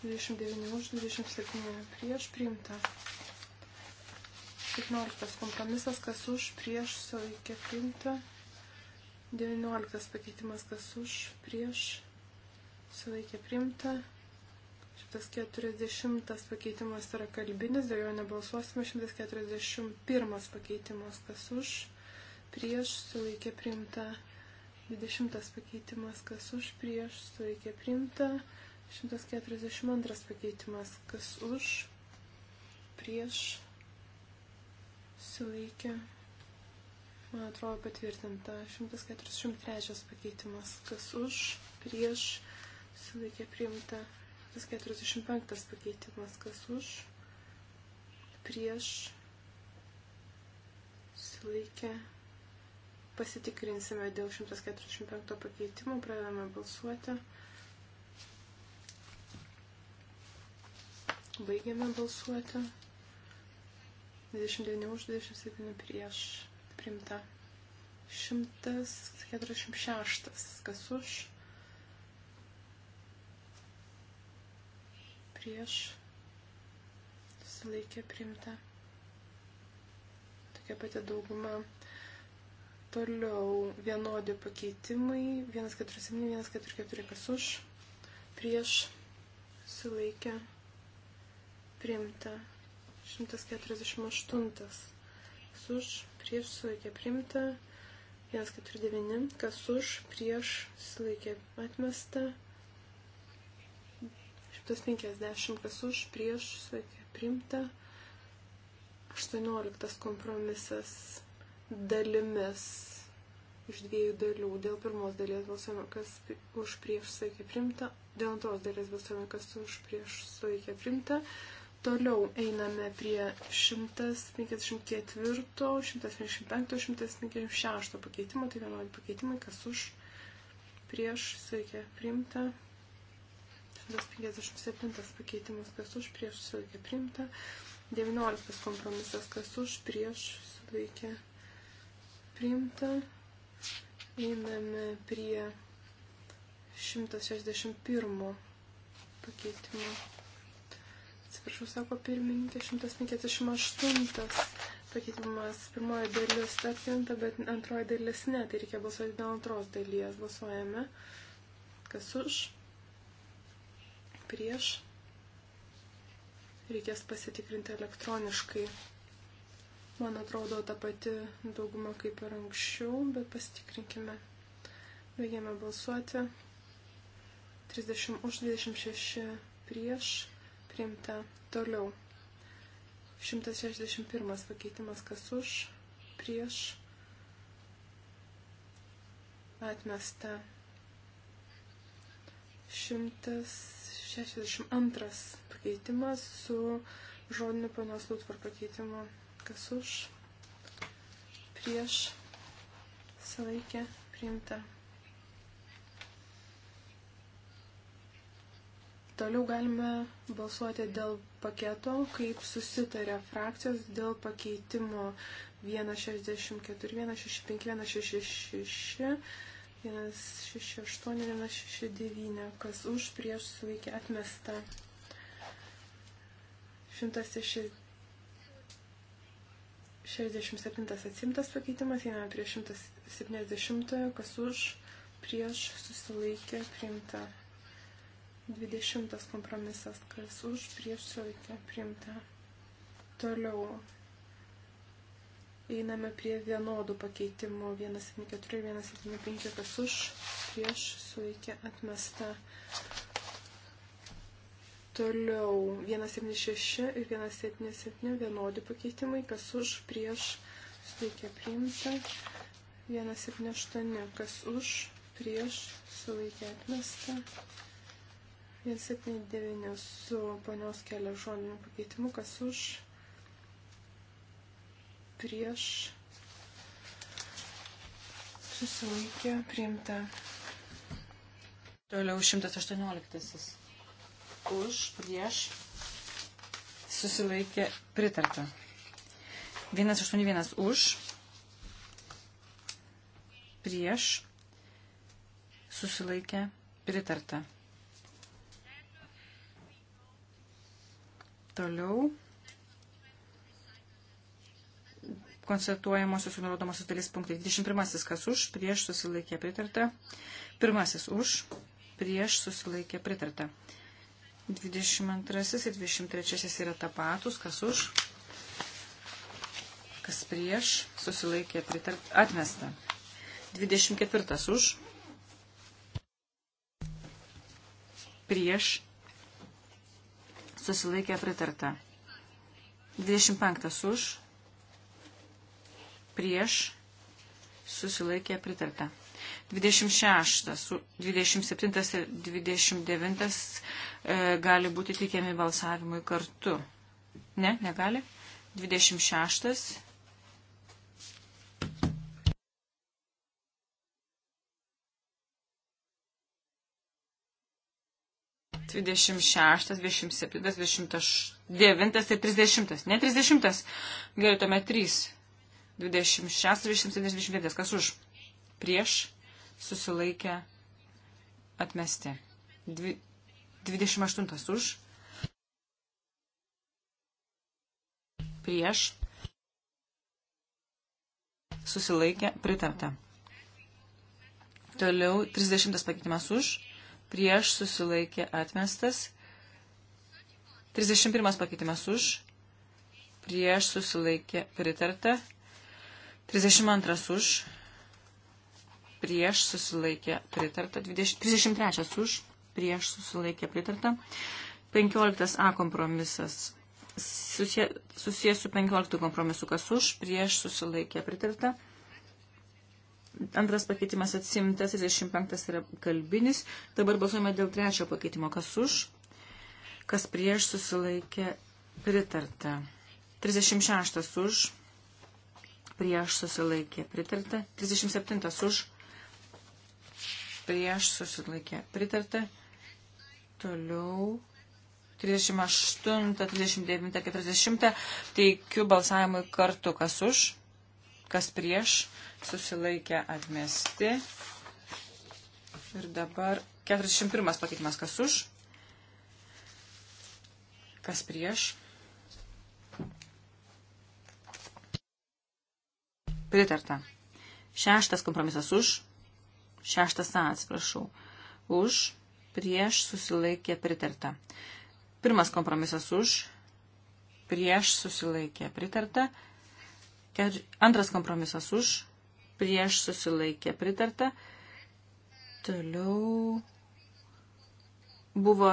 29 už, 27 prieš, priimta. 17 kompromisas, kas už, prieš, sulaikė priimta. 19 pakeitimas, kas už, prieš, sulaikė priimta. 140 pakeitimas yra kalbinis, dėl jo nebalsuosime. 141 pakeitimas, kas už, prieš sulaikė priimta. 20 pakeitimas, kas už prieš sulaikė priimta. 142 pakeitimas, kas už prieš sulaikė. Man atrodo patvirtinta. 143 pakeitimas, kas už prieš sulaikė priimta. 145 pakeitimas, kas už prieš sulaikė priimta Pasitikrinsime dėl 145 pakeitimų, pradedame balsuoti. Baigiame balsuoti. 29 už 27 prieš. Primta. 146. Kas už? Prieš. Susilaikė primta. Tokia pati dauguma. Toliau vienodi pakeitimai. 147, 144, kas už, prieš, sulaikę, primta. 148, kas už, prieš, sulaikę, primta. 149, kas už, prieš, sulaikę, atmesta. 150, kas už, prieš, sulaikę, primta. 18 kompromisas dalimis iš dviejų dalių. Dėl pirmos dalies balsuojame, kas už prieš saikę primta, dėl antros dalies balsuojame, kas už prieš saikę primta. Toliau einame prie 154, 155, 156 pakeitimo, tai vienodi pakeitimai, kas už prieš saikę primta. 157 pakeitimas, kas už prieš saikę primta. 19 kompromisas, kas už prieš saikę primta priimta. Einame prie 161 pakeitimo. Atsiprašau, sako pirmininkė, 158 pakeitimas. Pirmoji dalis atkrenta, bet antroji dalis ne. Tai reikia balsuoti dėl antros dalies. Balsuojame. Kas už? Prieš. Reikės pasitikrinti elektroniškai. Man atrodo, ta pati dauguma kaip ir anksčiau, bet pasitikrinkime. Baigėme balsuoti. 30 už 26 prieš priimta toliau. 161 pakeitimas kas už prieš atmesta. 162 pakeitimas su žodiniu ponios Lutvar pakeitimu Kas už? Prieš savaikė priimta. Toliau galime balsuoti dėl paketo, kaip susitarė frakcijos dėl pakeitimo 164, 165, 166, 168, 169, kas už prieš suveikia atmesta. 160. 67 atsimtas pakeitimas, einame prie 170, kas už, prieš susilaikė priimta. 20 kompromisas, kas už, prieš susilaikė priimta. Toliau einame prie vienodų pakeitimų 174 ir 175, kas už, prieš susilaikė atmesta. Toliau 176 ir 177 vienodi pakeitimai, kas už, prieš, sulaikė priimta. 178, kas už, prieš, sulaikė atmesta. 179 su ponios kelia žodiniu pakeitimu, kas už, prieš, susilaikė priimta. Toliau 118 už, prieš, susilaikė pritarta. 181 už, prieš, susilaikė pritarta. Toliau. Konstatuojamosios ir nurodomosios dalis punktai. 21. Kas už, prieš susilaikė pritarta. 1. Už, prieš susilaikė pritarta. 22 ir 23 yra tapatus, kas už, kas prieš, susilaikė pritart, atmesta. 24 už, prieš, susilaikė pritarta. 25 už, prieš, susilaikė pritarta. 26, 27 ir 29 e, gali būti teikiami balsavimui kartu. Ne, negali. 26. Dvidešimt šeštas, dvidešimt septintas, dvidešimt devintas ir trisdešimtas. Ne trisdešimtas. Gerai, tuomet trys. Dvidešimt šeštas, dvidešimt septintas, dvidešimt devintas. Kas už? prieš, susilaikę, atmesti. Dvi, 28 už, prieš, susilaikę, pritarta. Toliau 30 pakeitimas už, prieš susilaikė atmestas. 31 pakeitimas už, prieš susilaikė pritarta. 32 už, prieš susilaikė pritarta, 20, 33 už, prieš susilaikė pritarta, 15 A kompromisas susie, susijęs su 15 kompromisu, kas už, prieš susilaikė pritarta. Antras pakeitimas atsimtas, 35 yra kalbinis. Dabar balsuojame dėl trečio pakeitimo, kas už, kas prieš susilaikė pritarta. 36 už, prieš susilaikė pritarta. 37 už, prieš susilaikė pritarta. Toliau 38, 39, 40 teikiu balsavimui kartu, kas už, kas prieš susilaikė atmesti. Ir dabar 41 pakeitimas, kas už, kas prieš. Pritarta. Šeštas kompromisas už, Šeštas A, atsiprašau. Už, prieš, susilaikė, pritarta. Pirmas kompromisas už, prieš, susilaikė, pritarta. Ket... Antras kompromisas už, prieš, susilaikė, pritarta. Toliau buvo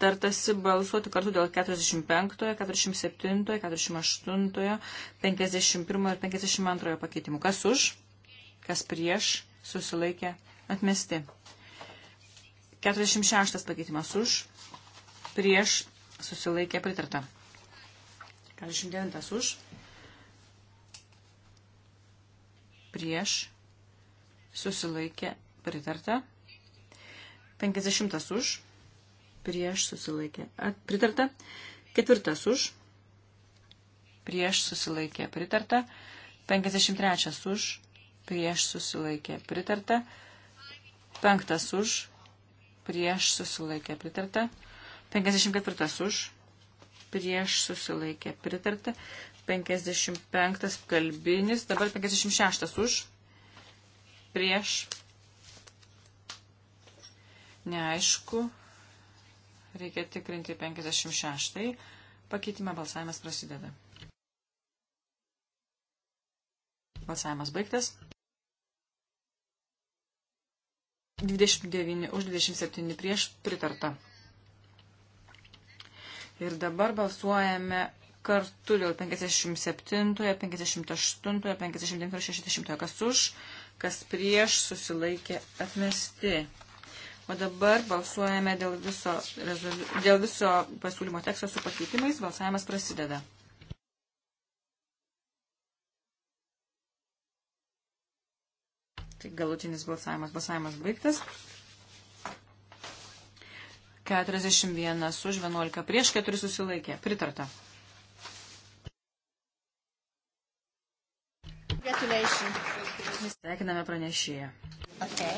tartasi balsuoti kartu dėl 45, 47, 48, 51 ir 52 pakeitimų. Kas už, kas prieš, susilaikė, Atmesti. 46 pakeitimas už, prieš susilaikė pritarta. 49 už, prieš susilaikė pritarta. 50 už, prieš susilaikė pritarta. 4 už, prieš susilaikė pritarta. 53 už, prieš susilaikė pritarta. Penktas už, prieš susilaikė pritarta. 54 už, prieš susilaikė pritarta. 55 kalbinis, dabar 56 už, prieš. Neaišku, reikia tikrinti 56. Pakeitimą balsavimas prasideda. Balsavimas baigtas. 29 už 27 prieš pritarta. Ir dabar balsuojame kartu dėl 57, 58, 59 ir 60. Kas už, kas prieš susilaikė atmesti. O dabar balsuojame dėl viso, dėl viso pasiūlymo teksto su pakeitimais. Balsavimas prasideda. Tai galutinis balsavimas. Balsavimas baigtas. 41 už 11 prieš 4 susilaikė. Pritarta. Sveikiname pranešėją. Okay.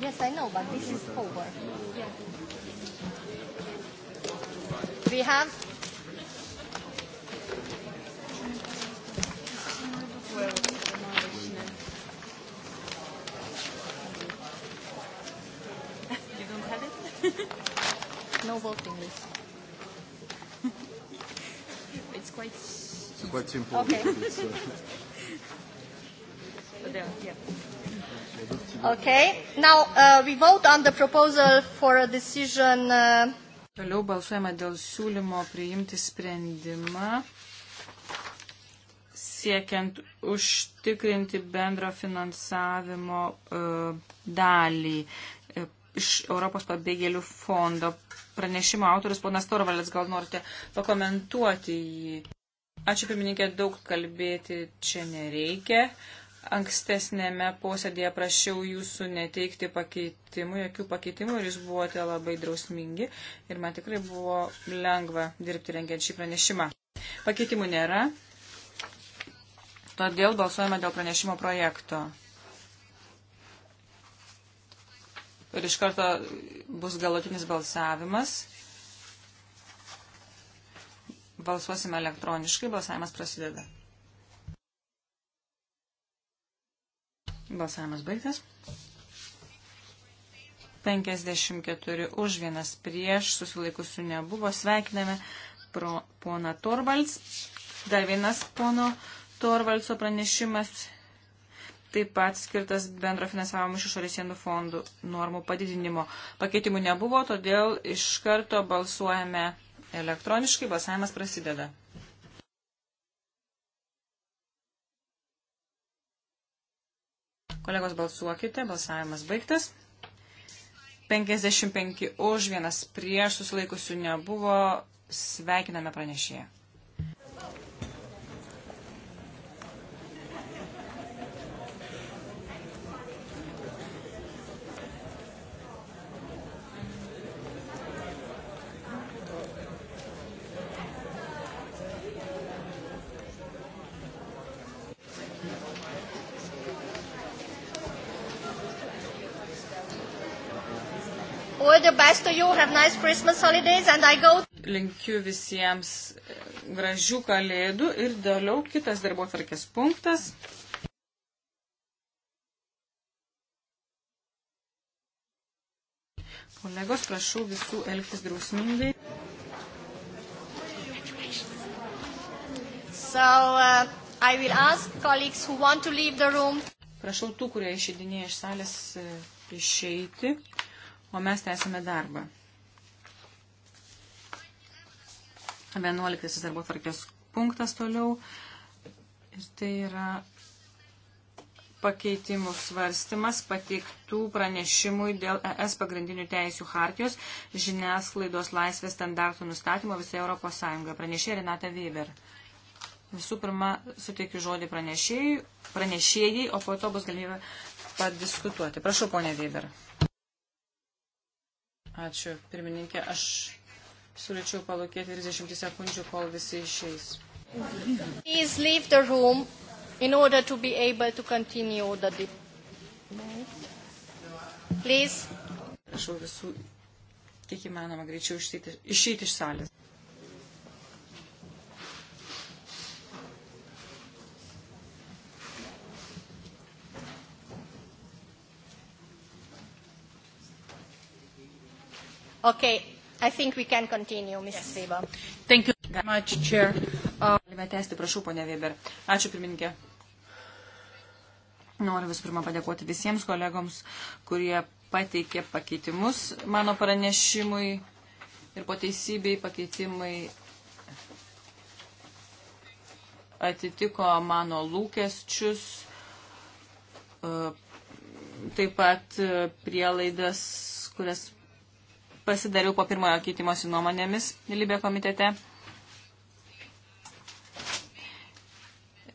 Yes, I know, but this is over. We have no voting list. it's quite. It's quite simple. Okay. Uh, okay. Now uh, we vote on the proposal for a decision. Uh, Toliau balsuojama dėl siūlymo priimti sprendimą siekiant užtikrinti bendro finansavimo uh, dalį iš Europos pabėgėlių fondo. Pranešimo autorius ponas Torvalės, gal norite pakomentuoti jį. Ačiū pirmininkė, daug kalbėti čia nereikia. Ankstesnėme posėdėje prašiau jūsų neteikti pakeitimų, jokių pakeitimų ir jūs buvote labai drausmingi ir man tikrai buvo lengva dirbti rengiant šį pranešimą. Pakeitimų nėra, todėl balsuojame dėl pranešimo projekto. ir iš karto bus galutinis balsavimas. Balsuosime elektroniškai, balsavimas prasideda. Balsavimas baigtas. 54 už vienas prieš, susilaikusių nebuvo. Sveikiname pro, pona Torvalds. Dar vienas pono Torvaldso pranešimas taip pat skirtas bendro finansavimo iš išorės sienų fondų normų padidinimo. Pakeitimų nebuvo, todėl iš karto balsuojame elektroniškai, balsavimas prasideda. Kolegos balsuokite, balsavimas baigtas. 55 už, vienas prieš, susilaikusių nebuvo. Sveikiname pranešėją. Go... Linkiu visiems e, gražių kalėdų ir toliau kitas darbo tvarkės punktas. Kolegos, prašau visų elgtis drausmingai. So, uh, I will ask colleagues who want to leave the room. Prašau tų, kurie išeidinėja iš salės, e, išeiti, o mes tęsime darbą. 11 darbo tvarkės punktas toliau. Ir tai yra pakeitimų svarstymas pateiktų pranešimui dėl ES pagrindinių teisių hartijos žiniasklaidos laisvės standartų nustatymo visoje Europos Sąjungoje. Pranešė Renata Weber. Visų pirma, suteikiu žodį pranešėjai, pranešėjai, o po to bus galimybė padiskutuoti. Prašau, ponė Weber. Ačiū, pirmininkė. Aš Siūlyčiau palūkėti 30 sekundžių, kol visi išeis. Please leave the room in order to be able to continue the debate. Please. Prašau visų, kiek įmanoma, greičiau išeiti iš salės. Okay, I think we can continue, Mrs. Weber. Yes. Thank you very much, Chair. Uh, Galime tęsti, prašau, ponia Weber. Ačiū, pirmininkė. Noriu visų pirma padėkoti visiems kolegoms, kurie pateikė pakeitimus mano pranešimui ir po teisybei pakeitimai atitiko mano lūkesčius, uh, taip pat uh, prielaidas, kurias pasidariau po pirmojo keitimosi nuomonėmis Libė komitete.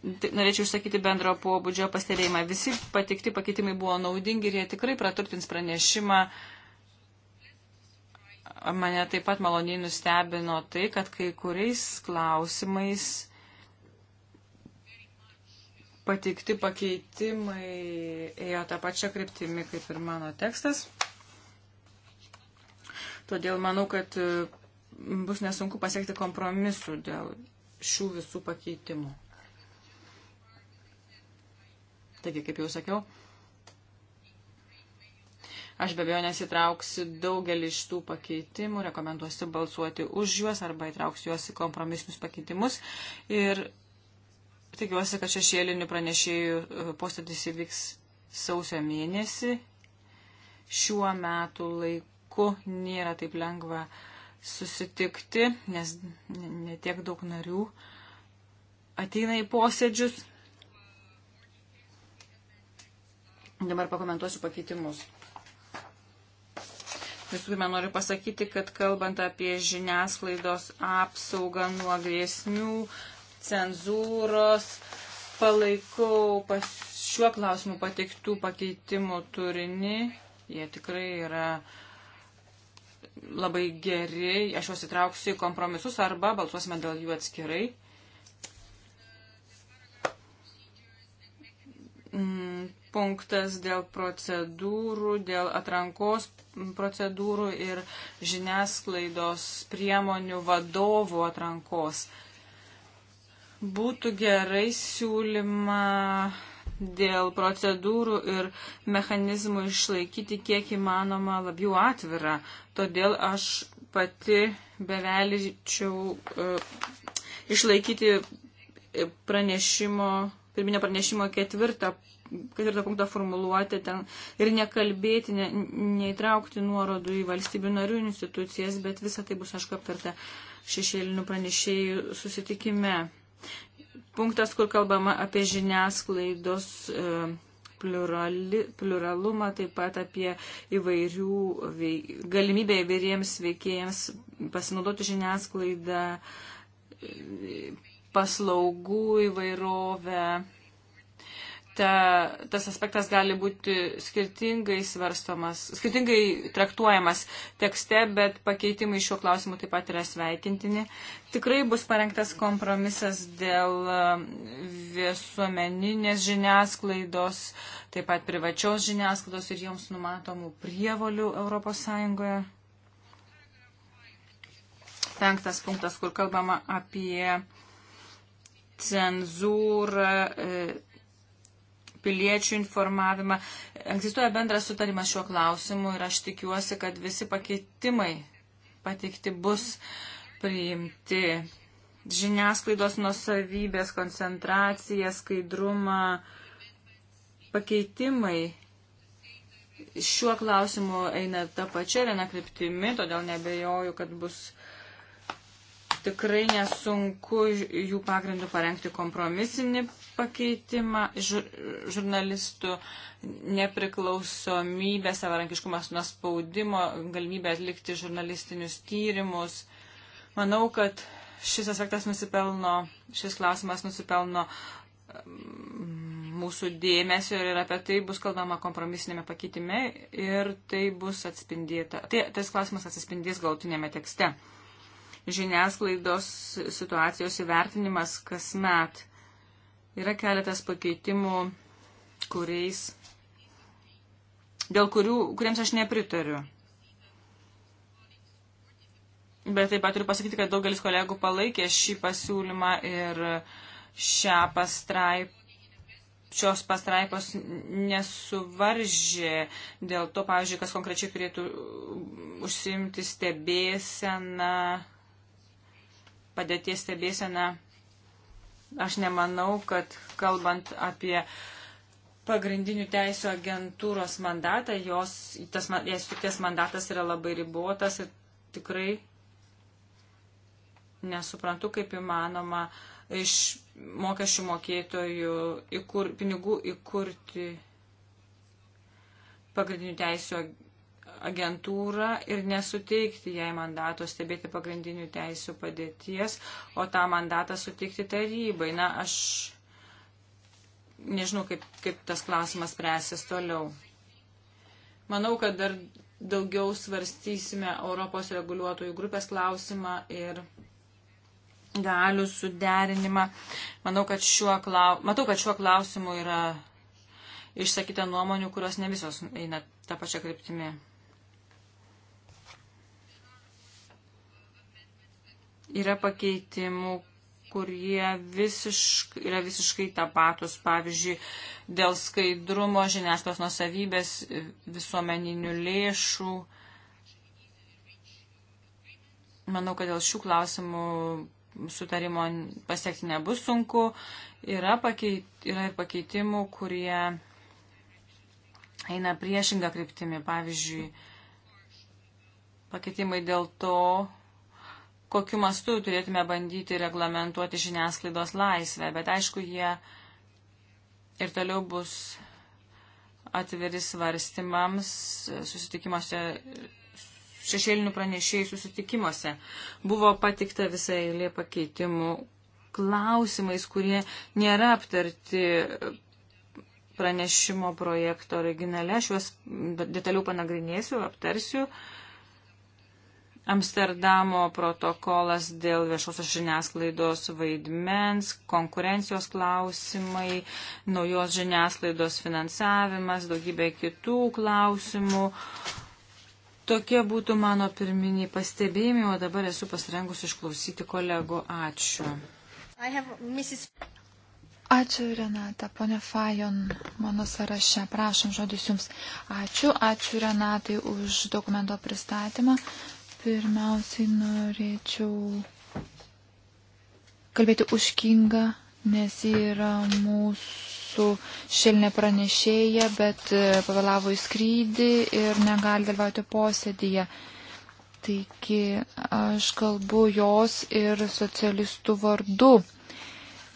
Norėčiau išsakyti bendro pobūdžio pastebėjimą. Visi patikti pakeitimai buvo naudingi ir jie tikrai praturtins pranešimą. Mane taip pat maloniai nustebino tai, kad kai kuriais klausimais pateikti pakeitimai ėjo tą pačią kryptimį kaip ir mano tekstas. Todėl manau, kad e, bus nesunku pasiekti kompromisų dėl šių visų pakeitimų. Taigi, kaip jau sakiau, Aš be abejo nesitrauksiu daugelį iš tų pakeitimų, rekomenduosiu balsuoti už juos arba įtrauksiu juos į kompromisinius pakeitimus. Ir tikiuosi, kad šešėlinių pranešėjų e, postadis įvyks sausio mėnesį šiuo metu laiku sunku, nėra taip lengva susitikti, nes netiek daug narių ateina į posėdžius. Dabar pakomentuosiu pakeitimus. Visų pirma, noriu pasakyti, kad kalbant apie žiniasklaidos apsaugą nuo grėsmių, cenzūros, palaikau pas šiuo klausimu pateiktų pakeitimų turinį. Jie tikrai yra uh, labai geri, aš juos įtrauksiu į kompromisus arba balsuosime dėl jų atskirai. Mm, punktas dėl procedūrų, dėl atrankos procedūrų ir žiniasklaidos priemonių vadovų atrankos. Būtų gerai siūlyma dėl procedūrų ir mechanizmų išlaikyti kiek įmanoma labiau atvirą. Todėl aš pati bevelyčiau uh, e, išlaikyti pranešimo, pirminio pranešimo ketvirtą ketvirtą punktą formuluoti ten ir nekalbėti, ne, neįtraukti nuorodų į valstybių narių institucijas, bet visa tai bus, aišku, aptarta šešėlinių pranešėjų susitikime punktas, kur kalbama apie žiniasklaidos e, plurali, pluralumą, taip pat apie įvairių vei, galimybę įvairiems veikėjams pasinaudoti žiniasklaidą, e, paslaugų įvairovę aspekte, tas aspektas gali būti skirtingai svarstomas, skirtingai traktuojamas tekste, bet pakeitimai šiuo klausimu taip pat yra sveikintini. Tikrai bus parengtas kompromisas dėl um, visuomeninės žiniasklaidos, taip pat privačios žiniasklaidos ir joms numatomų prievolių ES. Penktas punktas, kur kalbama apie cenzūrą, e, piliečių informavimą. Egzistuoja bendras sutarimas šiuo klausimu ir aš tikiuosi, kad visi pakeitimai pateikti bus priimti. Žiniasklaidos nusavybės, koncentracija, skaidrumą, pakeitimai šiuo klausimu eina tą pačią vieną kryptimį, todėl nebejoju, kad bus Tikrai nesunku jų pagrindų parengti kompromisinį pakeitimą žur, žurnalistų nepriklausomybę, savarankiškumas nuo spaudimo, galimybę atlikti žurnalistinius tyrimus. Manau, kad šis aspektas nusipelno, šis klausimas nusipelno mm, mūsų dėmesio ir apie tai bus kalbama kompromisinėme pakeitime ir tai bus atspindėta. Tai, tas klausimas atsispindės galutinėme tekste žiniasklaidos situacijos įvertinimas kasmet. Yra keletas pakeitimų, kuriais, dėl kurių, kuriems aš nepritariu. Bet taip pat turiu pasakyti, kad daugelis kolegų palaikė šį pasiūlymą ir šią pastraip, šios pastraipos nesuvaržė. Dėl to, pavyzdžiui, kas konkrečiai turėtų užsimti stebėseną. Na padėties stebėseną, aš nemanau, kad kalbant apie pagrindinių teisų agentūros mandatą, jos, tas, jai sutiktas mandatas yra labai ribotas ir tikrai nesuprantu, kaip įmanoma iš mokesčių mokėtojų įkur, pinigų įkurti pagrindinių teisų agentūrą ir nesuteikti jai mandato stebėti pagrindinių teisų padėties, o tą mandatą suteikti tarybai. Na, aš nežinau, kaip, kaip tas klausimas pręsis toliau. Manau, kad dar daugiau svarstysime Europos reguliuotojų grupės klausimą ir galių suderinimą. Manau, kad šiuo, klau... Matau, kad šiuo klausimu yra išsakyta nuomonių, kurios ne visos eina tą pačią kryptimį. Yra pakeitimų, kurie visiškai, yra visiškai tapatus, pavyzdžiui, dėl skaidrumo, žiniasklaidos nusavybės, visuomeninių lėšų. Manau, kad dėl šių klausimų sutarimo pasiekti nebus sunku. Yra, pakeit, yra ir pakeitimų, kurie eina priešingą kryptimį. Pavyzdžiui, pakeitimai dėl to, kokiu mastu turėtume bandyti reglamentuoti žiniasklaidos laisvę, bet aišku, jie ir toliau bus atviri svarstymams susitikimuose, šešėlinių pranešėjų susitikimuose. Buvo patikta visa eilė pakeitimų klausimais, kurie nėra aptarti pranešimo projekto originale. Aš juos detaliau panagrinėsiu, aptarsiu. Uh, Amsterdamo protokolas dėl viešosios žiniasklaidos vaidmens, konkurencijos klausimai, naujos žiniasklaidos finansavimas, daugybė kitų klausimų. Tokie būtų mano pirminiai pastebėjimai, o dabar esu pasirengus išklausyti kolegų. Ačiū. Mrs... Ačiū, Renata. Pone Fajon, mano sąraše. Prašom, žodis Jums. Ačiū. Ačiū, Renatai, už dokumento pristatymą. Pirmiausiai norėčiau kalbėti už Kingą, nes ji yra mūsų šilne pranešėja, bet e, pavėlavo į skrydį ir negali dalyvauti posėdėje. Taigi aš kalbu jos ir socialistų vardu.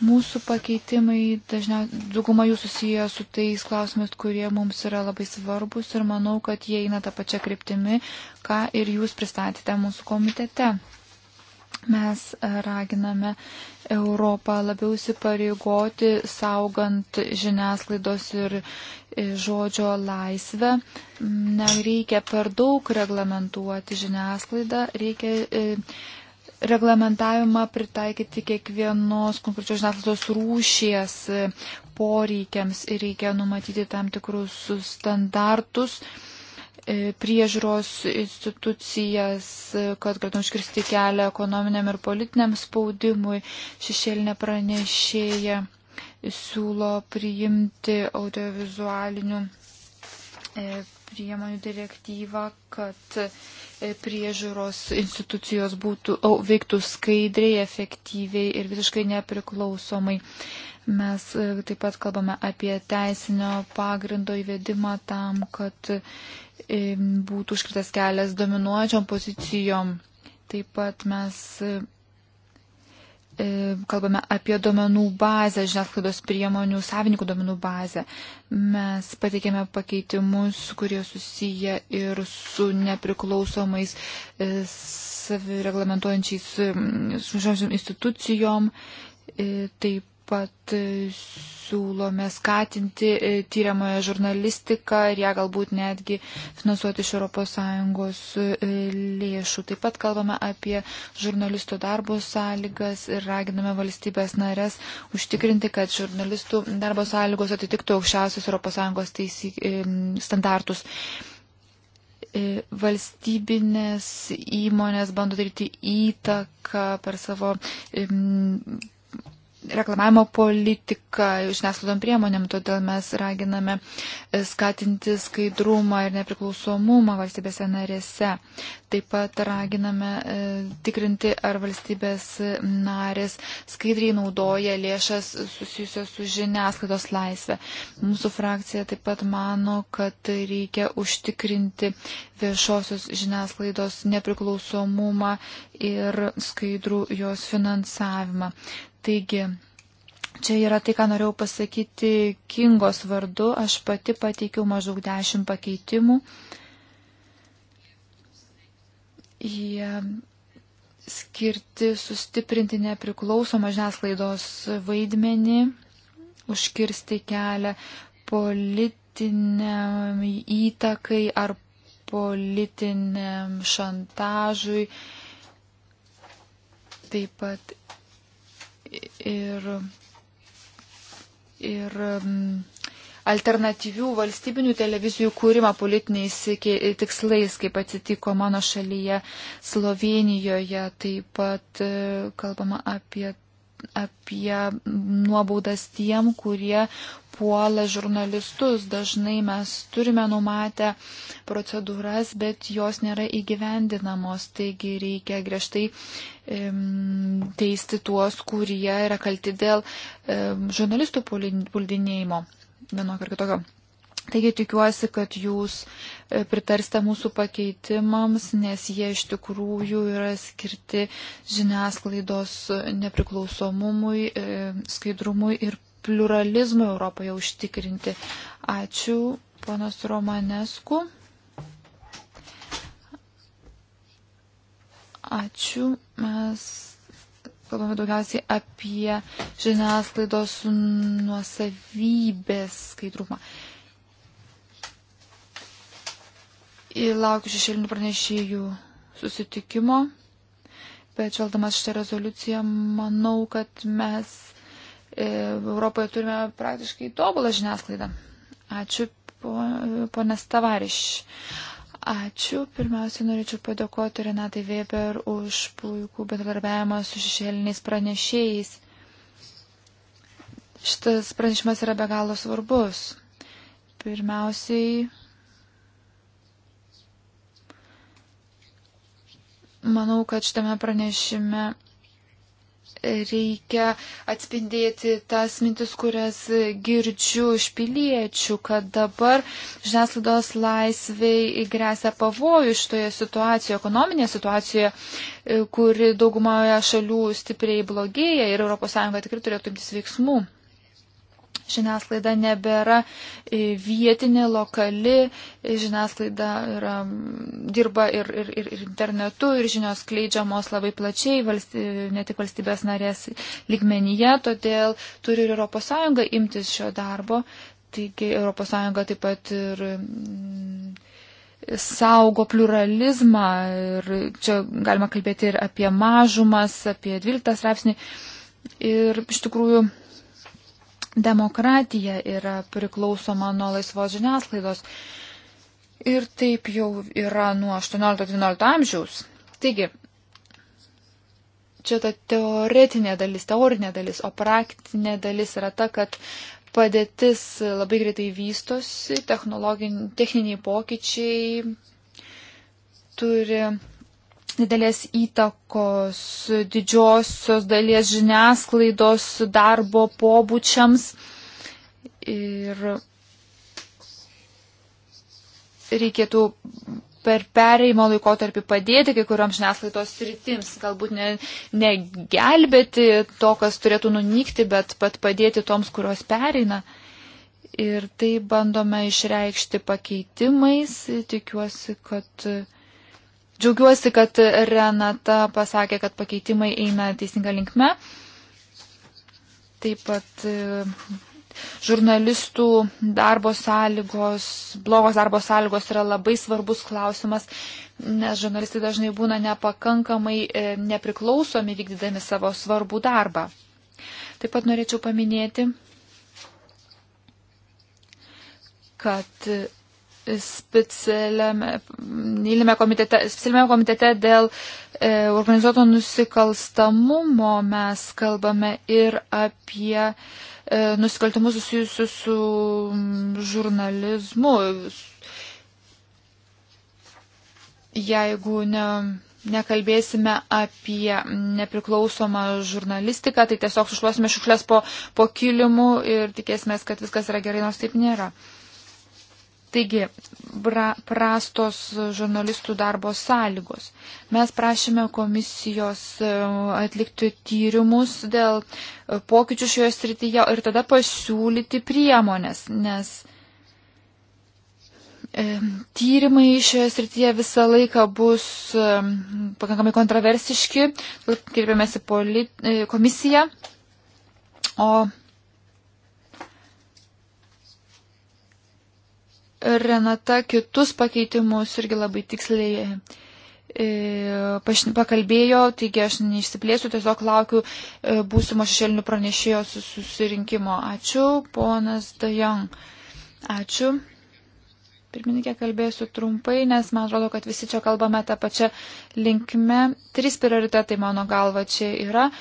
Mūsų pakeitimai, dažniausiai dauguma jų susiję su tais klausimais, kurie mums yra labai svarbus ir manau, kad jie eina tą pačią kryptimį, ką ir jūs pristatėte mūsų komitete. Mes raginame Europą labiau įsipareigoti, saugant žiniasklaidos ir e, žodžio laisvę. Nereikia per daug reglamentuoti žiniasklaidą, reikia. E, reglamentavimą pritaikyti kiekvienos konkrečios žiniasklaidos rūšies poreikiams ir reikia numatyti tam tikrus standartus e, priežiūros institucijas, kad galėtum iškirsti kelią ekonominiam ir politiniam spaudimui. Šešėlinė pranešėja siūlo priimti audiovizualinių e, priemonių direktyvą, kad e, priežiūros institucijos būtų, o, veiktų skaidriai, efektyviai ir visiškai nepriklausomai. Mes e, taip pat kalbame apie teisinio pagrindo įvedimą tam, kad e, būtų užkritas kelias dominuojančiom pozicijom. Taip pat mes E, kalbame apie domenų bazę, žiniasklaidos priemonių, savininkų domenų bazę. Mes pateikėme pakeitimus, kurie susiję ir su nepriklausomais e, savireglamentuojančiais institucijom, e, taip pat e, siūlome skatinti e, tyriamąją žurnalistiką ir ją galbūt netgi finansuoti iš ES e, lėšų. Taip pat kalbame apie žurnalistų darbo sąlygas ir raginame valstybės narės užtikrinti, kad žurnalistų darbo sąlygos atitiktų aukščiausius ES teisy... standartus valstybinės įmonės bando daryti įtaką per savo reklamavimo politiką žiniasklaidom priemonėm, todėl mes raginame e, skatinti skaidrumą ir nepriklausomumą valstybėse narėse. Taip pat raginame e, tikrinti, ar valstybės narės skaidriai naudoja lėšas susijusios su žiniasklaidos laisvė. Mūsų frakcija taip pat mano, kad reikia užtikrinti viešosios žiniasklaidos nepriklausomumą ir skaidrų jos finansavimą. Taigi, čia yra tai, ką norėjau pasakyti Kingos vardu. Aš pati pateikiau maždaug dešimt pakeitimų. Jie skirti sustiprinti nepriklausomą žiniasklaidos vaidmenį, užkirsti kelią politiniam įtakai ar politiniam šantažui, taip pat ir, ir mm, alternatyvių valstybinių televizijų kūrimą politiniais tikslais, kaip atsitiko mano šalyje Slovenijoje. Taip pat e, kalbama apie apie nuobaudas tiem, kurie puola žurnalistus. Dažnai mes turime numatę procedūras, bet jos nėra įgyvendinamos. Taigi reikia griežtai um, teisti tuos, kurie yra kalti dėl um, žurnalistų puldinėjimo vienokio ar kitokio. Taigi tikiuosi, kad jūs e, pritarsite mūsų pakeitimams, nes jie iš tikrųjų yra skirti žiniasklaidos nepriklausomumui, e, skaidrumui ir pluralizmui Europoje užtikrinti. Ačiū, ponas Romanesku. Ačiū. Mes kalbame daugiausiai apie žiniasklaidos nuosavybės skaidrumą. Uh, Ir laukiu šešėlinių pranešėjų susitikimo, bet žvelgdamas šitą rezoliuciją, manau, kad mes e, Europoje turime praktiškai tobulą žiniasklaidą. Ačiū, ponas Tavariš. Ačiū. Pirmiausia, norėčiau padėkoti Renatai Weber už puikų bendradarbiavimą su šešėliniais pranešėjais. Šitas pranešimas yra be galo svarbus. Pirmiausiai, Manau, kad šitame pranešime reikia atspindėti tas mintis, kurias girdžiu iš piliečių, kad dabar žiniasklaidos laisviai grėsia pavojų šitoje situacijoje, ekonominėje situacijoje, kuri daugumoje šalių stipriai blogėja ir ES tikrai turėtų imtis veiksmų žiniasklaida nebėra e, vietinė, lokali, e, žiniasklaida yra, dirba ir, ir, ir internetu, ir žinios kleidžiamos labai plačiai, valsty, e, ne tik valstybės narės lygmenyje, todėl turi ir ES imtis šio darbo. Taigi ES taip pat ir saugo pluralizmą ir čia galima kalbėti ir apie mažumas, apie 12 straipsnį. Ir iš tikrųjų demokratija yra priklausoma nuo laisvos žiniasklaidos. Ir taip jau yra nuo 18-19 amžiaus. Taigi, čia ta teoretinė dalis, teorinė dalis, o praktinė dalis yra ta, kad padėtis labai greitai vystosi, techniniai pokyčiai turi didelės įtakos didžiosios dalies žiniasklaidos darbo pobūčiams. Ir reikėtų per pereimo laikotarpį padėti kai kuriuom žiniasklaidos sritims, galbūt negelbėti ne, ne to, kas turėtų nunykti, bet pat padėti toms, kurios pereina. Ir tai bandome išreikšti pakeitimais. Tikiuosi, kad uh, Džiaugiuosi, kad Renata pasakė, kad pakeitimai eina teisinga linkme. Taip pat e, žurnalistų darbo sąlygos, blogos darbo sąlygos yra labai svarbus klausimas, nes žurnalistai dažnai būna nepakankamai e, nepriklausomi vykdydami savo svarbų darbą. Taip pat norėčiau paminėti, kad specialiame, komitete, specialiame komitete dėl e, organizuoto nusikalstamumo mes kalbame ir apie e, nusikaltimus susijusius su žurnalizmu. Jeigu ne, nekalbėsime apie nepriklausomą žurnalistiką, tai tiesiog sušluosime šiukšlės po, po kilimu ir tikėsime, kad viskas yra gerai, nors taip nėra. E, Taigi, bra, prastos žurnalistų darbo sąlygos. Mes prašėme komisijos e, atlikti tyrimus dėl e, pokyčių šioje srityje ir tada pasiūlyti priemonės, nes e, tyrimai šioje srityje visą laiką bus pakankamai kontroversiški, kirpėmėsi komisiją, o Renata kitus pakeitimus irgi labai tiksliai e, pakalbėjo, taigi aš neišsiplėsiu, tiesiog laukiu e, būsimo šešėlinių pranešėjo susirinkimo. Ačiū, ponas Dajong. Ačiū. Pirmininkė, kalbėsiu trumpai, nes man atrodo, kad visi čia kalbame tą pačią linkmę. Trys prioritetai mano galva čia yra.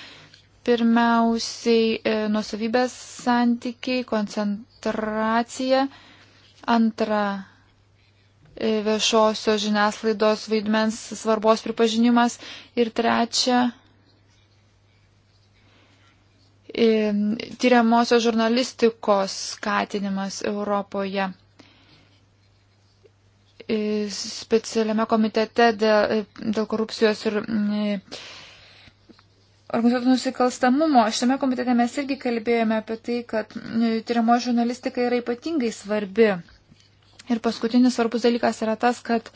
Pirmiausiai e, nusavybės santykiai, koncentracija. Antra, e, viešosios žiniasklaidos vaidmens svarbos pripažinimas. Ir trečia, e, tyriamosios žurnalistikos skatinimas Europoje. E, specialiame komitete dėl, dėl korupcijos ir organizuotų nusikalstamumo. Šiame komitete mes irgi kalbėjome apie tai, kad e, tyrimo žurnalistika yra ypatingai svarbi. Ir paskutinis svarbus dalykas yra tas, kad,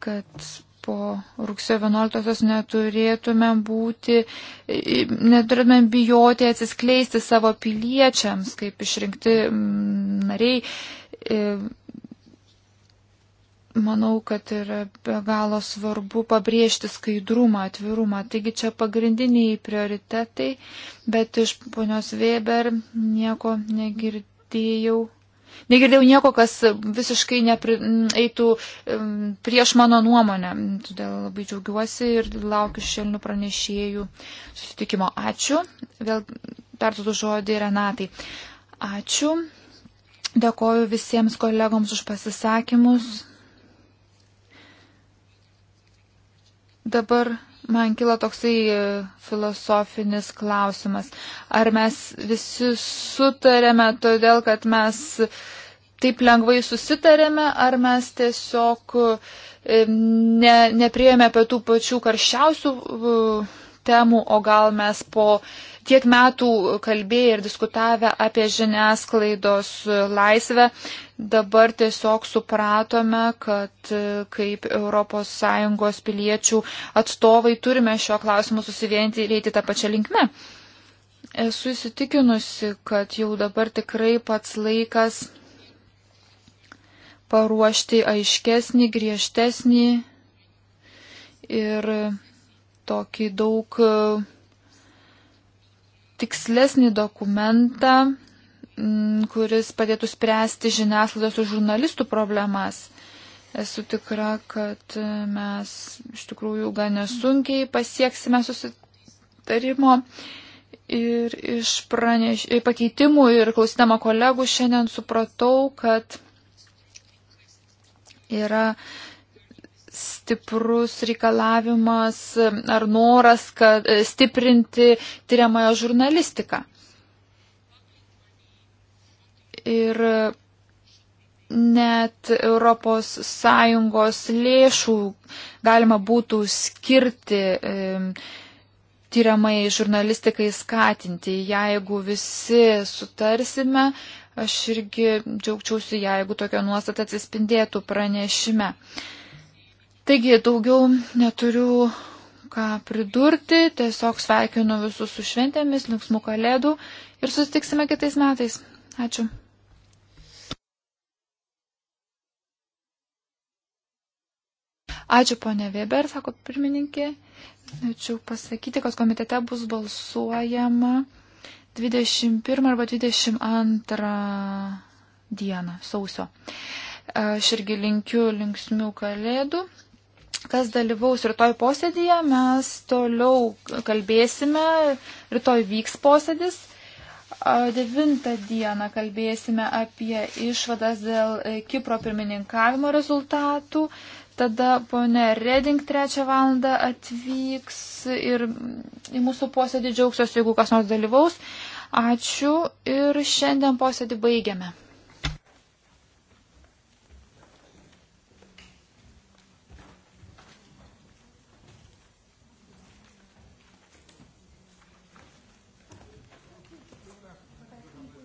kad po rugsėjo 11-osios neturėtume būti, e, neturėtume bijoti atsiskleisti savo piliečiams, kaip išrinkti nariai e, Manau, kad yra be galo svarbu pabrėžti skaidrumą, atvirumą. Taigi čia pagrindiniai prioritetai, bet iš ponios Weber nieko negirdėjau. Negirdėjau nieko, kas visiškai nepri, eitų prieš mano nuomonę. Todėl labai džiaugiuosi ir laukiu šelnių pranešėjų susitikimo. Ačiū. Vėl perduodu žodį Renatai. Ačiū. Dėkoju visiems kolegoms už pasisakymus Dabar man kilo toksai e, filosofinis klausimas. Ar mes visi sutarėme todėl, kad mes taip lengvai susitarėme, ar mes tiesiog e, ne, nepriėmėme apie tų pačių karščiausių e, temų, o gal mes po tiek metų kalbėję ir diskutavę apie žiniasklaidos laisvę, dabar tiesiog supratome, kad e, kaip ES piliečių atstovai turime šio klausimu susivienyti ir eiti tą pačią linkmę. Esu įsitikinusi, kad jau dabar tikrai pats laikas paruošti aiškesnį, griežtesnį ir tokį daug tikslesnį dokumentą, mm, kuris padėtų spręsti žiniasklaidos ir žurnalistų problemas. Esu tikra, kad e, mes iš tikrųjų gan nesunkiai pasieksime susitarimo ir iš praneš... pakeitimų ir klausydama kolegų šiandien supratau, kad yra stiprus reikalavimas ar noras kad, e, stiprinti tyriamąją žurnalistiką. Ir net ES lėšų galima būtų skirti e, tyriamai žurnalistikai skatinti. Jeigu visi sutarsime, aš irgi džiaugčiausi, jeigu tokia nuostata atsispindėtų pranešime. E, Taigi daugiau neturiu ką pridurti, tiesiog sveikinu visus su šventėmis, linksmų kalėdų ir susitiksime kitais metais. Ačiū. Ačiū ponė Weber, sako pirmininkė. Ačiū pasakyti, kad komitete bus balsuojama 21 arba 22 dieną sausio. Aš irgi linkiu linksmių kalėdų kas dalyvaus rytoj posėdėje, mes toliau kalbėsime, rytoj vyks posėdis. Devintą dieną kalbėsime apie išvadas dėl e, Kipro pirmininkavimo rezultatų. Tada ponė Reding trečią valandą atvyks ir į mūsų posėdį džiaugsiuosi, jeigu kas nors dalyvaus. Ačiū ir šiandien posėdį baigiame.